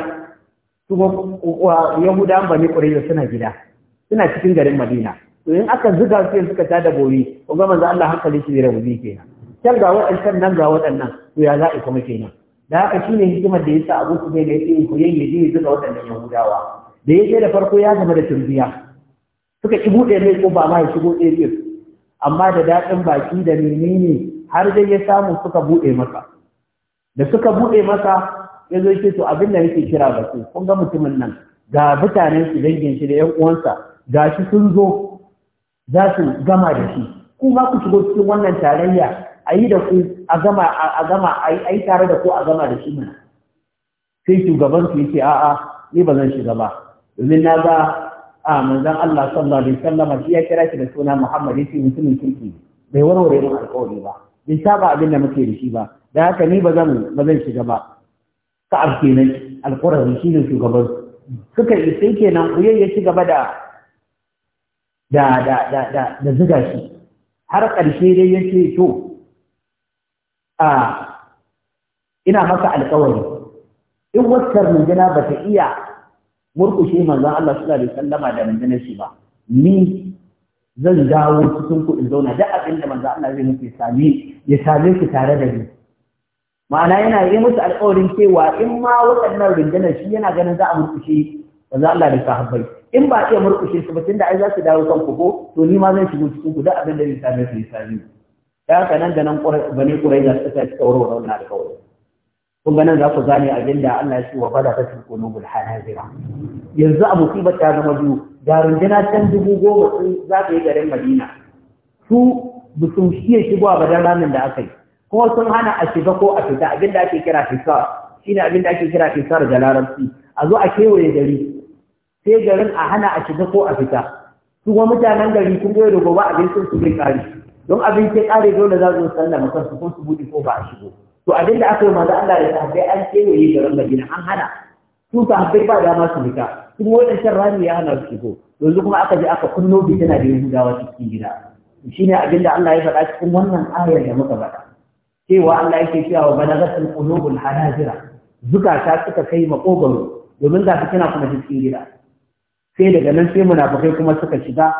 su Yahudawan bani ƙuraiza suna gida suna cikin garin Madina to in aka zuga su suka da gobe, kun ga manzo Allah hankali shi da rauni kenan can ga waɗannan nan ga waɗannan to ya za a kuma kenan da haka shine ne hikimar da ya sa abu su bai da ya ce koyon zai je ya yahudawa da ya je da farko ya zama da turbiya suka ki buɗe mai ko ba ma ya shigo ɗaya amma da daɗin baki da menene har dai ya samu suka buɗe masa da suka buɗe masa ya zo ce to abin da yake kira ba su kun ga mutumin nan ga mutanen su dangin shi da 'yan uwansa ga shi sun zo za su gama da shi kuma ku shigo cikin wannan tarayya a yi da ku a gama a gama a yi tare da ku a gama da shi mana sai shugaban su yake a'a ni ba zan shiga ba domin na ga a manzan Allah sallallahu alaihi wasallam shi ya kira shi da suna Muhammad shi mutumin kirki bai warware mu alƙawari ba bai saba abin da muke da shi ba da haka ni ba zan ba zan shiga ba ka'ab kenan alƙurani shi ne shugaban suka yi sai kenan uyai ya ci gaba da da da da da zuga shi har ƙarshe dai yace to a ina maka alƙawari in waccar rundunar ba ta iya murkushe manzon Allah sallallahu alaihi sallama da rundunar shi ba ni zan dawo cikin ku in zauna duk abin da manzon Allah zai muke sami ya same ku tare da ni ma'ana yana yi musu alƙawarin cewa in ma waɗannan rundunar shi yana ganin za a murkushe manzon Allah da sahabbai in ba iya murkushe su ba da ai za su dawo kan ko to ni ma zan shigo cikin ku duk abin da zai same su ya same ku ya ka nan da nan bane da suka ci tsoro da wannan alƙawari kun ga nan za ku gane abin da Allah ya ce wa bada ta kunu bil hanazira yanzu a musibar ta zama biyu da rundunar can dubu goma sun za ka yi garin Madina su ba su iya shigowa ba don ramin da aka yi kuma sun hana a shiga ko a fita abin da ake kira fisar shine abin da ake kira fisar da larabci a zo a kewaye gari sai garin a hana a shiga ko a fita su kuma mutanen gari sun goyi da gobe abincin su bin kari don abin ke kare dole za su sallama kansu kun su buɗe ko ba a shigo to abin da aka yi maza Allah da sai an kewaye garin Madina an hana su sahabbai ba dama su fita kuma waɗancan rami ya hana su shigo yanzu kuma aka je aka kunno tana da Yahudawa cikin gida shine abin da Allah ya faɗa cikin wannan ayar da muka faɗa cewa Allah yake cewa wa balagatul qulubul hanajira zukata suka kai makogaro domin za su kina kuma cikin gida sai daga nan sai munafikai kuma suka shiga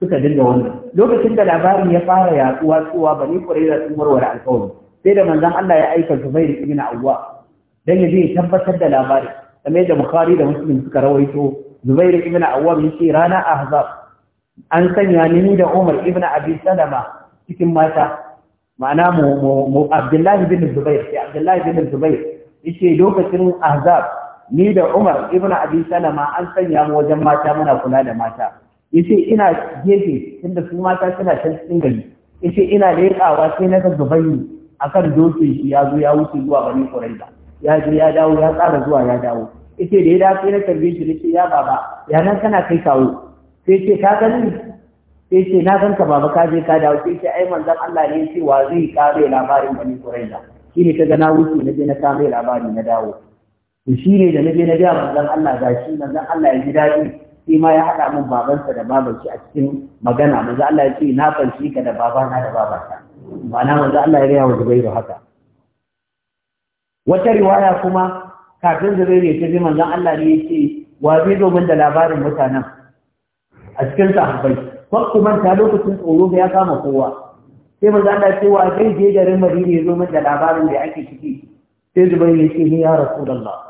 suka dinga wannan lokacin da labarin ya fara yaduwa cewa bani qurayza sun warware alƙawari sai da manzon Allah ya aika Zubair ibn Awwa dan ya je tabbatar da labarin kamar da Bukhari da Muslim suka rawaito Zubair ibn Awwa yace rana Ahzab an sanya ni da Umar ibn Abi Salama cikin mata ma'ana mu Abdullahi bin Zubair sai Abdullahi bin Zubair yace lokacin Ahzab ni da Umar ibn Abi Salama an sanya mu wajen mata muna kula da mata yace ina gefe tunda su mata suna can cikin gari yace ina tsawa sai na ga gaban kan dokin shi ya zo ya wuce zuwa bani kuraiza ya je ya dawo ya tsara zuwa ya dawo yace da ya dawo sai na tarbe shi ce ya baba ya nan kana kai kawo sai ce ka gani sai ce na ka baba ka je ka dawo sai ce ai manzon Allah ne yace wa zai kare labarin bani ne ka ga na wuce na je na kare labari na dawo to ne da na je na ga manzon Allah gashi manzon Allah ya ji daɗi shi ma ya haɗa min babansa da babanki a cikin magana manzo Allah ya ce na fanshi ka da babana da babata ma'ana manzo Allah ya gaya wa Zubairu haka wata riwaya kuma kafin Zubairu ya tafi manzo Allah ne ya ce wa zai domin da labarin mutanen a cikin sahabbai ko kuma ta lokacin tsoro ya kama kowa sai manzo Allah ya ce wa zai je garin Madina ya zo da labarin da ake ciki sai Zubairu ya ce ni ya Rasulullah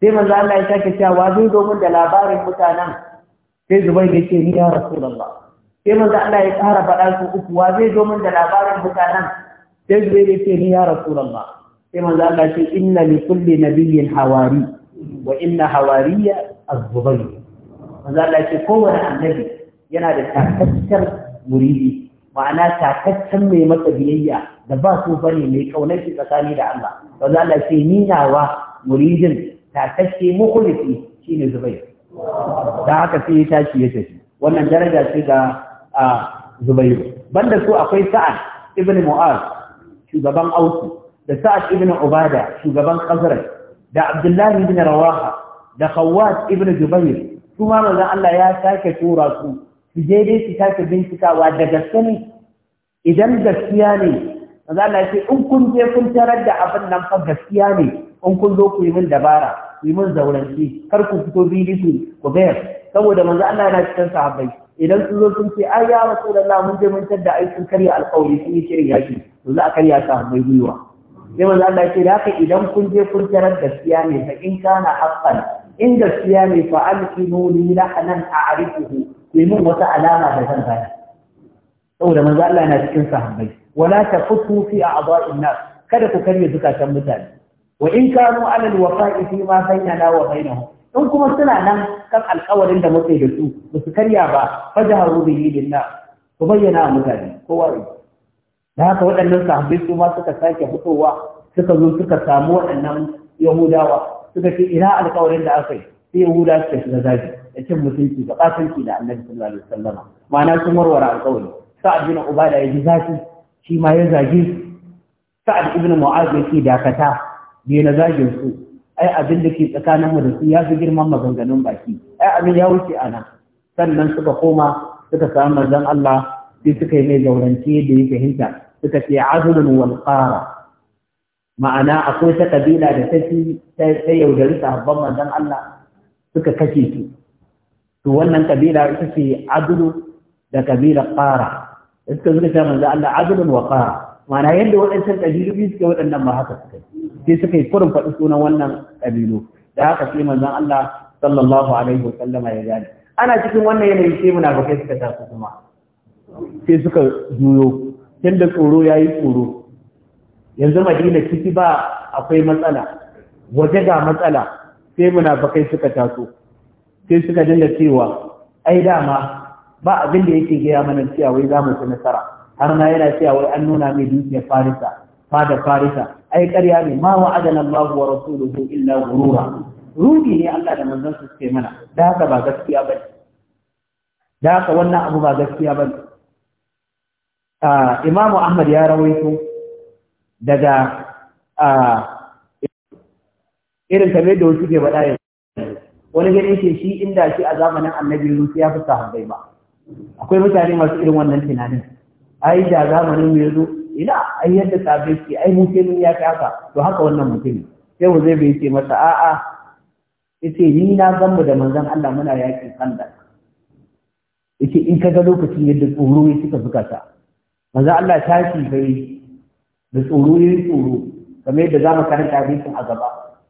sai manzo Allah ya sake cewa zai domin da labarin mutanen sai Zubair ya ce ni ya Rasulullah sai manzo Allah ya ƙara faɗa su uku wa zai da labarin mutanen sai Zubair ya ce ni ya Rasulullah sai manzo Allah ya ce inna li kulli nabiyyin hawari wa inna hawariya az-Zubair manzo Allah ya ce kowane annabi yana da takakkar muridi ma'ana takaccen mai masa biyayya da ba su bane mai kaunar shi tsakani da Allah manzo Allah ya ce ni nawa muridin tatacce mukhlisi shine zubair da haka sai ya tashi ya tafi wannan daraja ce ga zubairu banda su akwai sa'ad ibn mu'az shugaban ausu da sa'ad ibn ubada shugaban khazraj da abdullahi ibn rawaha da khawwat ibn jubair su ma manzo Allah ya sake tura su su je dai su sake bincikawa da gaske ne idan gaskiya ne manzo Allah ya ce in kun je kun tarar da abin nan fa gaskiya ne in kun zo ku yi min dabara yi mun zaurance kar ku fito fili ku ku bayar saboda manzo Allah yana cikin sahabbai idan sun zo sun ce ai ya rasulullah mun je mun tadda ai sun karya alƙawari sun yi shirin yaki to za a karya sahabbai gwiwa sai manzo Allah ya ce da haka idan kun je kun tarar gaskiya ne fa in kana haqqan in gaskiya ne fa alqinu li lahanan a'rifuhu ku mun wata alama da san bayar saboda manzo Allah yana cikin sahabbai wala tafutu fi a'dha'in nas kada ku karya zukatan mutane wa in kanu alal wafa'i fi ma bainana wa bainahum in kuma suna nan kan alƙawarin da muke da su ba su karya ba fajaharu bihi lillah ku bayyana mutane Ko wai da haka waɗannan sahabbai su ma suka sake fitowa suka zo suka samu waɗannan yahudawa suka ce ina alƙawarin da aka yi sai yahuda suka shiga zafi da cin mutunci da ƙasanci da annabi sallallahu alaihi wasallam ma'ana sun warware alƙawari sa'ad bin ubada ya ji zafi shi ma ya zage sa'ad ibn mu'az ya ce dakata bai na zagin su ai abin da ke tsakanin mu da su ya fi girman maganganun baki ai abin ya wuce ana sannan suka koma suka samu manzon Allah sai suka yi mai zaurance da ya fahimta suka ce azulun wal qara ma'ana akwai ta kabila da ta yaudari sahabban manzon Allah suka kace su to wannan kabila ita ce adulu da kabila qara suka zuka manzon Allah adulun wa qara mana yadda waɗancan ƙabilu biyu suke waɗannan ba haka suka sai suka yi kurin faɗi sunan wannan ƙabilu da haka sai manzon Allah sallallahu alaihi wa sallama ya gane ana cikin wannan yanayi sai munafikai suka taso kuma sai suka juyo tunda tsoro yayi tsoro yanzu Madina ciki ba akwai matsala waje ga matsala sai munafikai suka taso sai suka dinga cewa ai dama ba abin da yake gaya mana cewa wai za mu ci nasara har ma yana cewa wai an nuna mai dukiyar farisa fada farisa ai ƙarya ne ma adana Allahu wa rasuluhu illa ghurura rubi ne Allah da manzon su ce mana da haka ba gaskiya bane da haka wannan abu ba gaskiya bane ah Imam Ahmad ya rawaito daga ah irin kamar da wasu ke faɗa wani gani ce shi inda shi a zamanin annabi ya fi sahabbai ba akwai mutane masu irin wannan tunanin ai da zamanin mu yazo ina ai yadda tabe ki ai mun mun ya ka haka to haka wannan mutum sai mu zai bai ce masa a'a yace ni na gamu da manzon Allah muna yaki kanda yace in ga lokacin yadda tsoro ya suka suka ta manzon Allah tashi bai da tsoro ya tsoro kamar yadda zamu karanta hadisin a gaba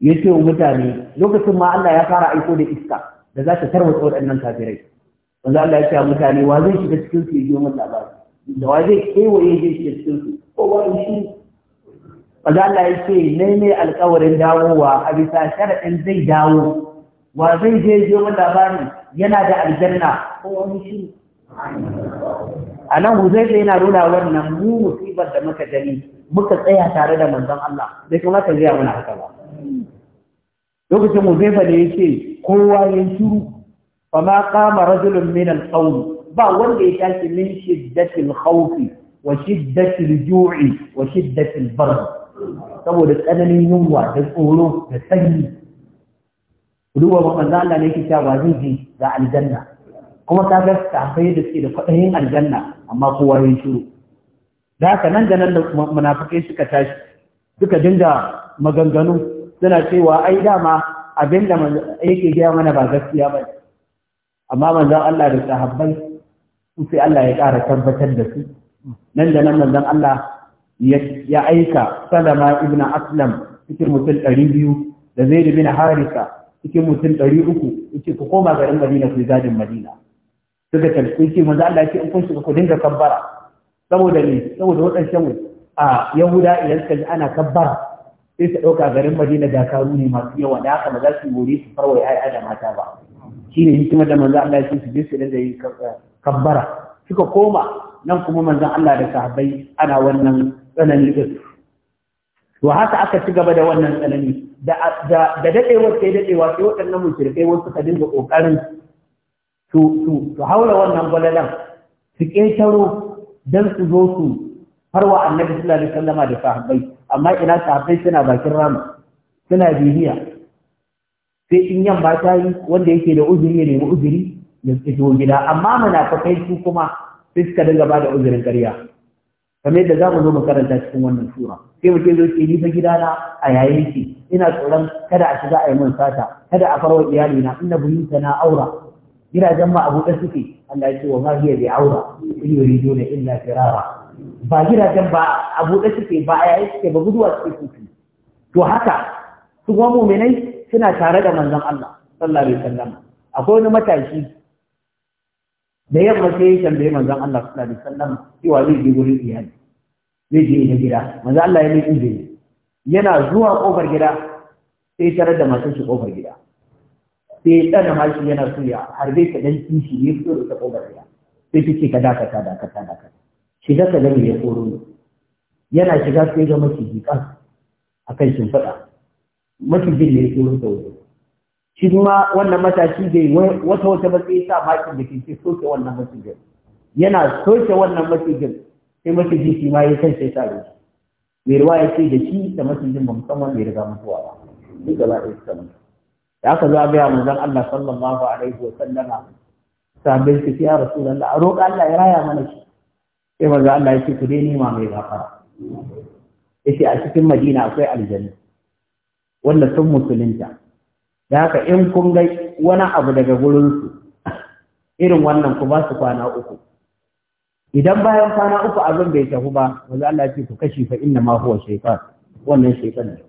yace wa mutane lokacin ma Allah ya fara aiko da iska da za ta tarwatsa waɗannan kafirai wanda Allah ya ce mutane wa zai shiga cikin su ya ji mun labari da wa zai kewaye zai shiga cikin su ko ba shi wanda Allah ya ce ne ne alƙawarin dawowa a bisa sharaɗin zai dawo wa zai je ji mun labari yana da aljanna ko wani shi a nan zai na nuna wannan mu musibar da muka gani muka tsaya tare da manzon Allah bai kamata zai mana haka ba lokacin mu huzaifa ya yake kowa ya shiru fama qama rajulun min al ba wanda ya tashi min shiddatin khawf wa shiddatil ju'i wa shiddatil bard saboda tsananin yunwa da tsoro da sanyi duba ba manzo Allah ne yake cewa zai ji ga aljanna kuma ka ga sahabbai da suke da kwaɗayin aljanna amma kowa ya shiru da haka nan da nan da munafikai suka tashi suka dinga maganganu suna cewa ai dama abin da yake gaya mana ba gaskiya ba amma manzon Allah da sahabbai su sai Allah ya ƙara tabbatar da su nan da nan manzon Allah ya aika Salama ibn Aslam cikin mutum ɗari biyu da zai Zaid na Harisa cikin mutum ɗari uku yace ku koma garin Madina ku gadin Madina suka tafi ce, manzon Allah ya ce in kun shiga ku dinga kabbara saboda ne saboda waɗancan a Yahuda idan suka ji ana kabbara sai su ɗauka garin Madina da karu ne masu yawa da haka ba za su yi wuri su farwa ya'ya da mata ba shine hikimar da manzo Allah ya ce su je su dinga yin kabbara suka koma nan kuma manzan Allah da sahabbai ana wannan tsanani din to haka aka ci gaba da wannan tsanani da da dadewa sai dadewa sai waɗannan mushrikai wasu suka dinga kokarin su haura wannan gwalalan su ƙetaro dan su zo su farwa annabi sallallahu alaihi wasallama da sahabbai amma ina sahabbai suna bakin rama suna bibiya sai in yamma ta yi wanda yake da uzuri ya nemi uzuri ya fito gida amma munafikai su kuma sai suka dinga ba da uzurin ƙarya kamar yadda za mu zo mu karanta cikin wannan sura sai mu ce zo ce ni fa na a yayin ki ina tsoron kada a shiga a yi min sata kada a farwa iyalina inna buyuta na aura gidajen ma abu da suke Allah ya ce wa ma hiya aura in yuriduna illa firara ba gidajen ba abu suke ba a yayin suke ba guduwa suke to haka su kuma mu'minai suna tare da manzon Allah sallallahu alaihi wasallam akwai wani matashi da yamma sai ya tambaye manzon Allah sallallahu alaihi wasallam cewa zai je gurin iyali zai je ina gida manzon Allah ya mai ne. yana zuwa kofar gida sai tare da matar shi kofar gida sai ya tsana yana so ya harbe ka dan kishi ne fito da kofar gida sai ta ce ka dakata dakata dakata shiga ka gani ya koro ne yana shiga sai ga a kan akan shimfiɗa matubin ne ke rusa wuta shi ma wannan matashi bai wata wata ba sai sa bakin da ke ce soke wannan matubin yana soke wannan matubin sai matubin shi ma ya san sai sa ruwa mai ruwa ya ce da shi da matubin ba musamman bai riga mutuwa ba duk gaba ɗaya suka mutu da aka zo a gaya manzon Allah sallallahu alaihi wa sallama sabbin su ya rasulullah a roƙa Allah ya raya mana shi sai manzon Allah ya ce ku dai ma mai gafara yace a cikin Madina akwai aljanna wanda sun musulunta da haka in kun ga wani abu daga gurinsu irin wannan ku ba su kwana uku idan bayan kwana uku abin bai tafi ba wanzu Allah ce ku kashi fa inna ma huwa shaytan wannan shaytan ne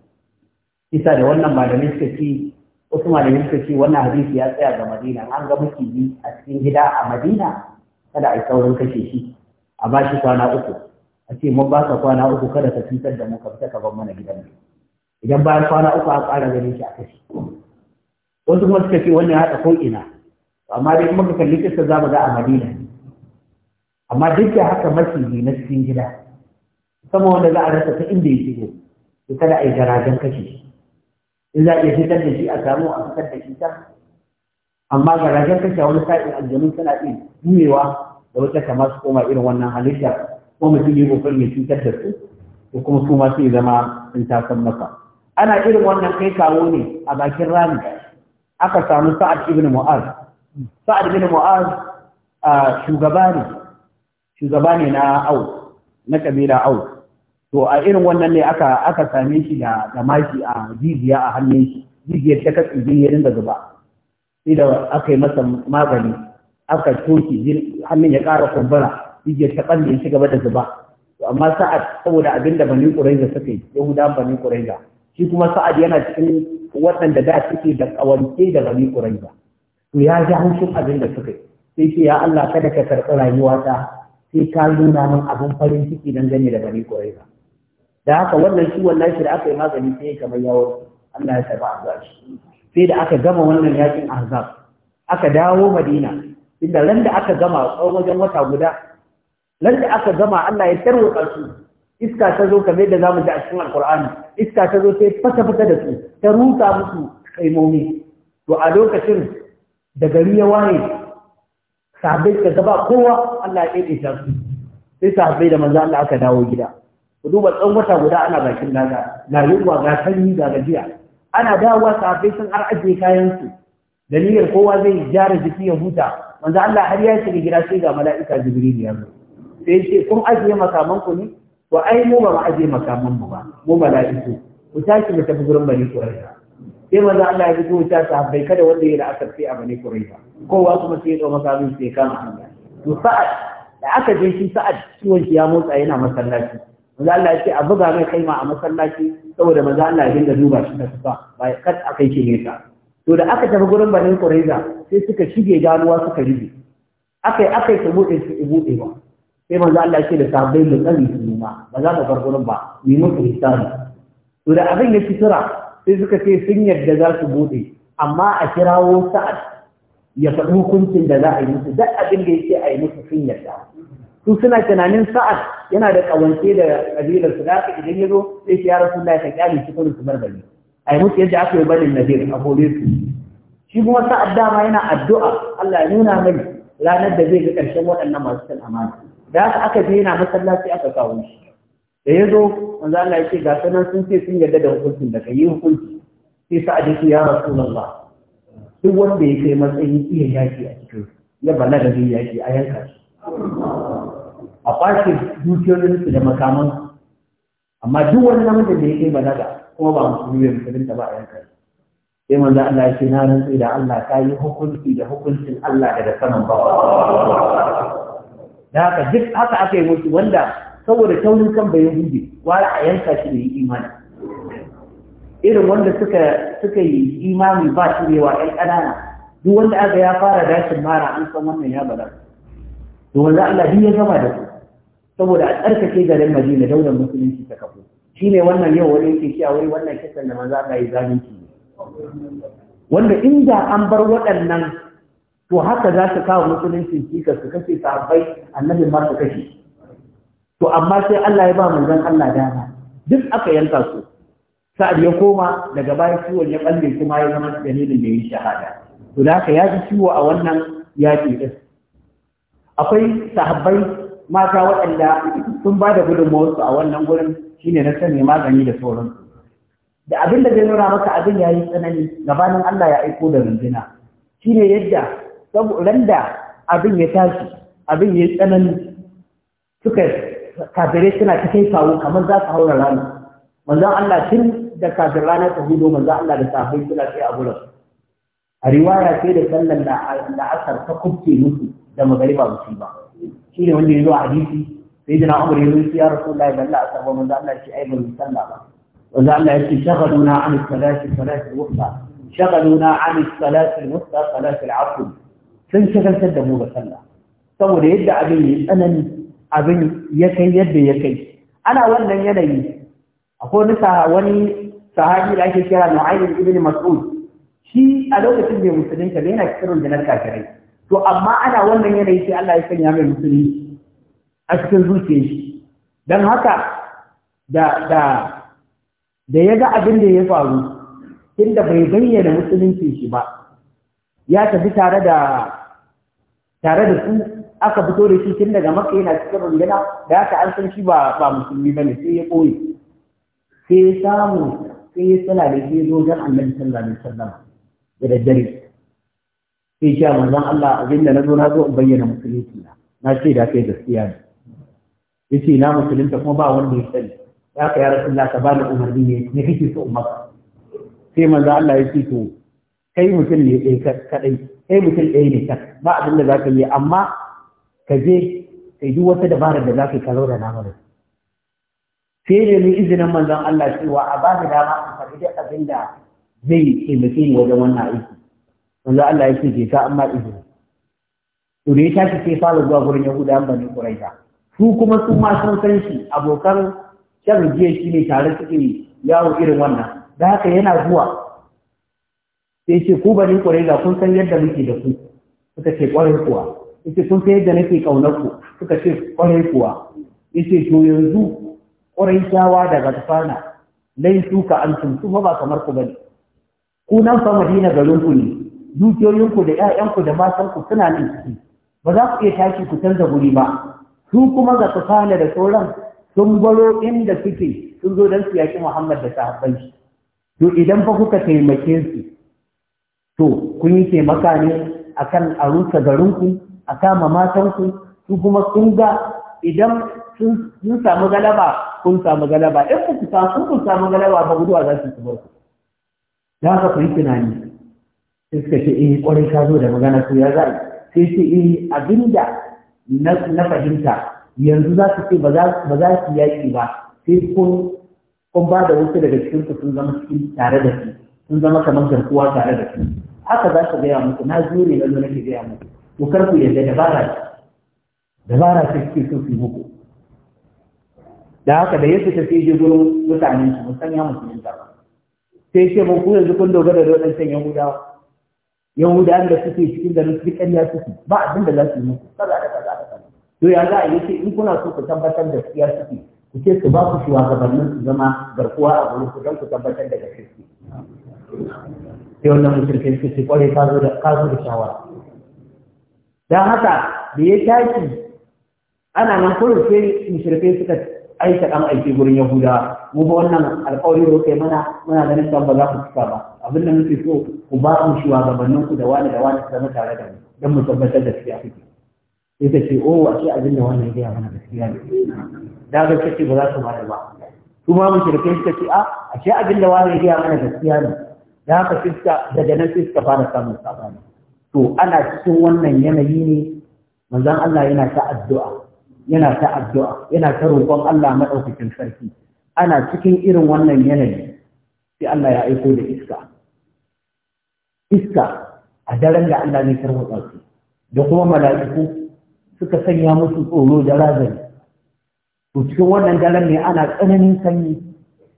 isa da wannan malamin suka ce wasu malamin suka ce wannan hadisi ya tsaya ga Madina an ga yi a cikin gida a Madina kada a yi saurin kashe shi a ba shi kwana uku a ce mun ba ka kwana uku kada ka cutar da mu ka fita ka bar mana gidan mu idan bayan kwana uku a ƙara gani shi a kashi wasu kuma suka ce wannan haɗa ko ina amma dai kuma ka kalli za mu ga a madina amma duk da haka maciji na cikin gida sama wanda za a rasa ta inda ya shigo to kada a yi garajen kashe shi in za a iya fitar da shi a samu a fitar da shi ta amma garajen kashe wani sa'in aljanu tana iya juyewa da wata kamar su koma irin wannan halitta ko mutum ya kokarin ya cutar da su ko kuma su ma sai zama sun tasan maka ana irin wannan kai kawo ne a bakin rami aka samu sa'ad ibn mu'az sa'ad ibn mu'az shugaba ne shugaba ne na au na kabila au to a irin wannan ne aka aka same shi da da mashi a jijiya a hannun shi jijiyar ta katsi jini ya dinga zuba sai da aka yi masa magani aka toki hannun ya ƙara kumbura jijiyar ta ya shiga gaba da zuba to amma sa'ad saboda abinda bani quraiza suka yi Banin bani da. shi kuma sa'ad yana cikin waɗanda da suke da ƙawance da bani ƙuraiba to ya ji haushin abin da suka sai ce ya Allah kada ka karɓi rayuwata sai ka nuna min abin farin ciki gani da bani ƙuraiba da haka wannan shi wannan shi da aka yi magani sai kamar yawon Allah ya saba azab sai da aka gama wannan yakin azab aka dawo Madina inda ran da aka gama tsawon wajen wata guda ran da aka gama Allah ya tarwata su iska ta zo kamar da zamu ji a cikin alqur'ani iska ta zo sai fata fata da su ta ruka musu kaimomi to a lokacin da gari ya waye sahabbai ka gaba kowa Allah ya ta su sai sahabbai da manzo Allah aka dawo gida ku duba tsawon wata guda ana bakin daga na yunwa ga sanyi ga gajiya ana dawowa sahabbai sun har ajiye kayan su da niyyar kowa zai gyara jiki ya huta manzo Allah har ya shiga gida sai ga mala'ika Jibril ya zo sai ce kun ajiye makaman ku ne to ai mu ba aje makaman mu ba mu mala'iku ku tashi mu tafi gurin bani quraiza sai manzo Allah ya fito ta bai kada wanda ya da asar sai a bani quraiza kowa kuma sai ya dau makamin sai kama Allah to sa'ad da aka je shi sa'ad ciwon shi ya motsa yana masallaci manzo Allah ya ce a buga mai kaima a masallaci saboda manzo Allah ya dinga duba shi da kusa ba kad akai shi nesa to da aka tafi gurin banin Qurayza sai suka shige ganuwa suka rige akai akai ta bude su ibude ba sai manzo Allah ya ce da sahabbai da tsari su ma ba za ka farko ba ni musu hisabi to da abin ya ci tura sai suka ce sun yadda za su bude amma a kirawo sa'ad ya faɗi hukuncin da za a yi musu duk abin da yake a yi musu sun yarda su suna tunanin sa'ad yana da kawance da kabilar su da idan ya zo sai ya da ta kyale shi kuma su barbare yi musu yadda aka yi barin nadir a hore su shi kuma sa'ad dama yana addu'a Allah ya nuna mai ranar da zai ga ƙarshen waɗannan masu cin amana da haka aka je yana masallaci aka kawo shi da ya zo manzo Allah ya ga sanan sun ce sun yarda da hukuncin da kai hukunci sai sa aje ya rasulullah duk wanda ya kai matsayin iya yaki a cikin ya balaga zai yaki a yanka shi a kwace dukiyoyin su da makaman amma duk wani namijin da ya kai balaga kuma ba musulmi bai musulunta ba a yanka shi sai manzo Allah ya na rantsi da Allah ka yi hukunci da hukuncin Allah daga saman ba. da haka duk haka aka yi musu wanda saboda taurin kan bai yahudi wara a yanka shi da yi imani irin wanda suka suka yi imani ba shi rewa ƴan ƙanana duk wanda aka ya fara dashin mara an san wannan ya bala to wanda Allah duk ya gama da su saboda a tsarkake garin Madina daular musulunci ta kafu ne wannan yau wani yake cewa wai wannan kisan da manzo Allah ya zalunci wanda inda an bar waɗannan to haka za su kawo musulunci cikar su kashe sahabbai annabin ma su kashe to amma sai Allah ya ba manzon Allah dama duk aka yanka su sa'ad ya koma daga bayan ciwon ya balle kuma ya zama dalilin da ya shahada to da haka ya ji ciwo a wannan yaƙi din akwai sahabbai mata waɗanda sun ba da gudunmawarsu a wannan gurin shine na sani magani da sauransu da abin da zai nuna maka abin ya yi tsanani gabanin Allah ya aiko da runduna shine yadda ran da abin ya tashi abin ya tsanani suka kafirai suna ta kai kawo kamar za su haura rana manzon Allah tun da kafin rana ta hudo manzon Allah da sahabbai suna kai a gurin a riwaya sai da sallan da asar ta kubce musu da magariba musu ba shi ne wanda ya zo a hadisi sai da na umar ya zo ya rasu Allah ya balla asar ba manzon Allah ya ce ai ba mu sallah ba manzon Allah ya ce shagaluna an salati salati wusta shagaluna an salati wusta salati al-asr sun shagaltar da mu ga sallah saboda yadda abin ya tsanani abin ya kai yadda ya kai ana wannan yanayi akwai wani wani sahabi da ake kira Nu'aym ibn Mas'ud shi a lokacin da musulun bai yana cikin na kafirai to amma ana wannan yanayi sai Allah ya sanya mai musulunci a cikin zuciyar shi don haka da ya ga abin da ya faru tunda bai bayyana musulunci shi ba ya tafi tare da tare da su aka fito da shi tun daga maka yana cikin rundunar da aka an san shi ba ba musulmi ba ne sai ya ɓoye sai ya samu sai ya tsala da shi zo don annabi sallallahu alaihi wasallam da daddare sai ya ce manzon Allah abin da na zo na zo in bayyana musulunci na na ce da kai gaskiya ne Ya ce na musulunta kuma ba wanda ya sani ya ka ya rasulullah ka bani umarni ne ne kake so maka sai manzon Allah ya ce to kai mutum ne ɗaya kaɗai kai mutum ɗaya ne ka ba abin da za ka yi amma ka je ka yi wata dabarar da za ka yi ka da namar sai da ni izinin manzon Allah cewa a ba da dama a faɗi da abin da zai taimake ni wajen wannan aiki manzon Allah ya ce ke ta amma izini to da ya tashi sai fara zuwa gurin Yahuda an bani Quraiza su kuma su ma san san shi abokan shan jiya shi ne tare suke yawo irin wannan da haka yana zuwa sai ce ku bani ga kun san yadda muke da ku suka ce kwarai kuwa yace kun san yadda nake ƙaunar ku suka ce kwarai kuwa yace to yanzu ƙwarai shawa daga lai su ka antum su ba kamar ku bane ku nan fa madina garin ku ne dukiyoyinku da ƴaƴanku da masanku suna nan ciki ba za ku iya tashi ku canza guri ba su kuma ga tafana da sauran sun baro inda suke sun zo don su yaƙi Muhammad da sahabbai to idan fa kuka taimake su to kun yi taimaka ne akan a rusa garinku a kama matanku su kuma sun ga idan sun samu galaba kun samu galaba in ku kusa samu kun samu galaba ba guduwa za su kuma ku da haka kun yi tunani sai suka ce eh kwarai ka zo da magana su ya zai sai ce eh abinda na fahimta yanzu za su ce ba za su yaƙi ba sai kun kun ba da wasu daga cikin sun zama cikin tare da su sun zama kamar garkuwa tare da kai haka za ka gaya muku na jure na zo nake gaya muku to kar ku yadda dabara ce dabara ce ke so su muku da haka da yadda ta sai je gurin mutanen su musan ya yin zaba sai ce mun ku yanzu kun dogara da waɗancan yahudawa yahudawan da suke cikin garin su ƙarya suke ba abin da za su yi muku kaza da kaza da kaza to ya za a yi ce in kuna so ku tabbatar da gaskiya suke ku ce su ba ku shugabannin su zama garkuwa a gurin su don ku tabbatar da gaskiya yau na musulmi su ce kwarai ka zo da shawara Dan haka da ya tashi ana nan kurin sai mushrikai suka aika dan aiki gurin yahuda mu ba wannan alƙawari da kai mana muna ganin kan ba za ku cika ba abin da muke so ku ba mu gabanin ku da wani da wani su zama tare da mu don mu tabbatar da gaskiya kuke sai ta ce oh ashe abinda da wannan ya mana gaskiya ne da ga kace ba za su ba da ba su ma mushrikai suka ce a ashe abin da wannan ya mana gaskiya ne da haka fiska daga nan fiska fara samun sabani to ana cikin wannan yanayi ne manzon Allah yana ta addu'a yana ta addu'a yana ta roƙon Allah madaukakin sarki ana cikin irin wannan yanayi sai Allah ya aiko da iska iska a daren da Allah ne tarwatsa su da kuma mala'iku suka sanya musu tsoro da razani to cikin wannan daren ne ana tsananin sanyi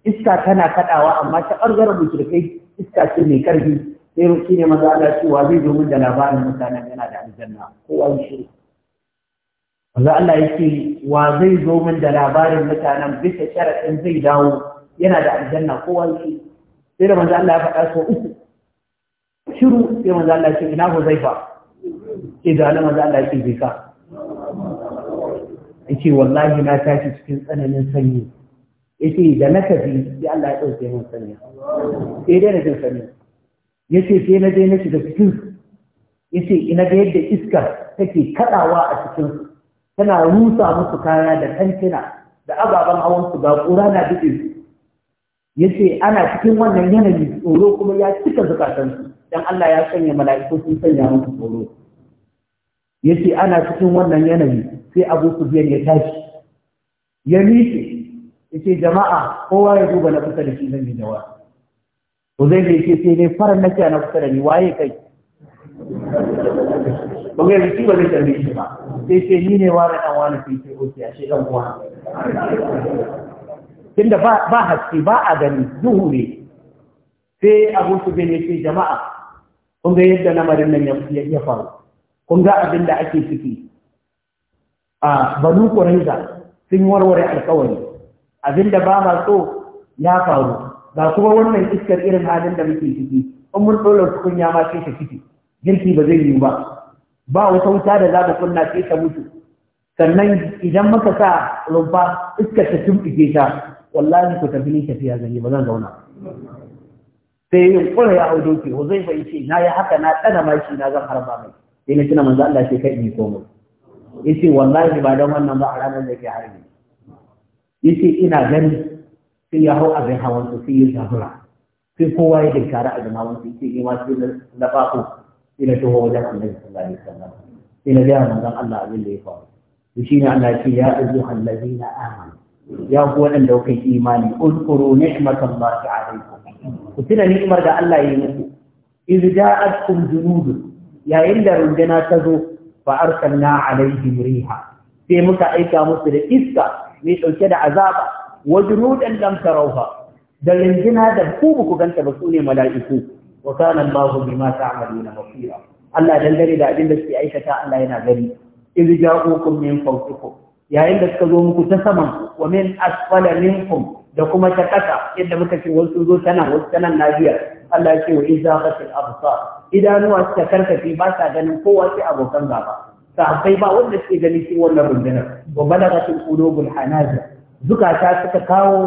iska tana kaɗawa amma ta ɓangaren mushrikai iska ce mai karfi sai shi ne maza Allah cewa zai zo min da labarin mutanen yana da aljanna kowa ya shiru maza Allah ce wa zai zo min da labarin mutanen bisa sharaɗin zai dawo yana da aljanna kowa ya shiru sai da maza Allah ya faɗa so uku shiru sai maza Allah ce ina ko zai fa sai da wani maza Allah ce zai ka yake wallahi na tashi cikin tsananin sanyi yace da na tafi sai Allah ya dauke mun sani sai dai na jin sani yace sai na je na shiga cikin yace ina ga yadda iska take kadawa a cikin tana rusa musu kaya da kantina da ababen hawan su ga kura na dubi yace ana cikin wannan yanayi tsoro kuma ya cika su dan Allah ya sanya mala'iku sun sanya musu tsoro yace ana cikin wannan yanayi sai Abu biyan ya tashi ya miƙe yace jama'a kowa ya duba na kusa da shi zan yi jawabi to zai bai ce sai ne faran nake na kusa da ni waye kai ba ga yi ba zai tambaye shi ba sai ce ni ne wani dan wani sai ce oke a shi kuwa uwa tunda ba haske ba a gani duhu ne sai abu su bin ne ce jama'a kun ga yadda namarin nan ya faru kun ga abin da ake ciki a banu ƙuraiza sun warware alkawari Abin da ba ma so ya faru ba kuma wannan iskar irin halin da muke ciki in mun dole tukunya ma ce ta ciki girki ba zai yiwu ba ba wata wuta da za ku kunna ce ta mutu sannan idan muka sa rumfa iskar ta tumɓuke ta wallahi ku tafi ni tafiya zanyi ba zan zauna sai yin kura ya hau doki ko zai bai ce na yi haka na tsana mashi na zan harba mai sai na tuna manzo Allah ce kai ni komai yace wallahi ba dan wannan ba a ranar da ke harbi yace ina gani sai ya hau abin hawan su sai ya zabura sai kowa ya dinkara abin hawan su yace ima sai na fako sai na taho wajen annabi sallallahu alaihi wasallam sai na gaya manzon Allah abin da ya faru to shine Allah ya ce ya ayyuhal ladina Aman. ya ku waɗanda kuka yi imani ulkuru ni'matallahi alaikum ku tuna ni'mar da Allah ya yi muku iz ja'atkum junud ya inda rundana ta zo fa arsalna alaihim riha sai muka aika musu da iska mai ɗauke da azaba wa junudan lam tarauha da rinjina da ku ku ganta ba su mala'iku wa kana Allahu bima ta'maluna basira Allah dangane da abin da suke aikata Allah yana gani iz ja'ukum min fawqikum yayin da suka zo muku ta saman wa min asfala minkum da kuma ta kasa yadda muka ce wasu zo tana wasu tana najiya Allah ya ce wa iza ghasil absar idanuwa suka karkace ba sa ganin kowa sai abokan gaba sahabbai ba wanda suke gani shi wannan rundunar wa balagatul qulubul hanaza zukata suka kawo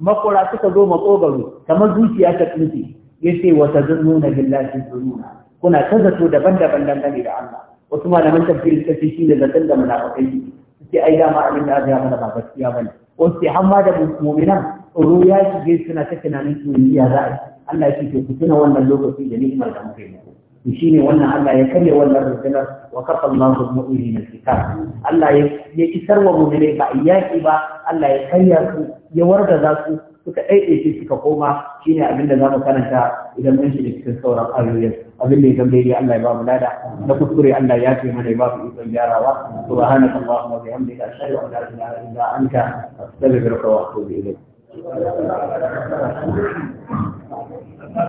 makura suka zo makogaro kamar zuciya ta tsinci yace wa tazunnuna billahi zununa kuna ta zato daban-daban dangane da Allah wasu malaman tafsiri suka ce shi zaton da munafikai suke ai dama abin da ya mana ba gaskiya bane wasu sai hamma da mu'minan ruya shige suna ta tunanin kimiyya za a Allah ya ku wannan lokaci da ni'imar da muke muku shi ne wannan Allah ya karya wannan rundunar wa kafa Allahu mu'minina kitab Allah ya kisar wa mu'minai ba iyaki ba Allah ya karya su ya za su suka ɗaiɗaice suka koma shi abin da za mu karanta idan mun shiga cikin sauran ayoyin abin da ya daidai Allah ya ba mu lada na kuskure Allah ya ce mana ya ba mu ikon gyarawa subhanaka allahumma wa bihamdika ashhadu an la ilaha illa anta astaghfiruka wa atubu ilayk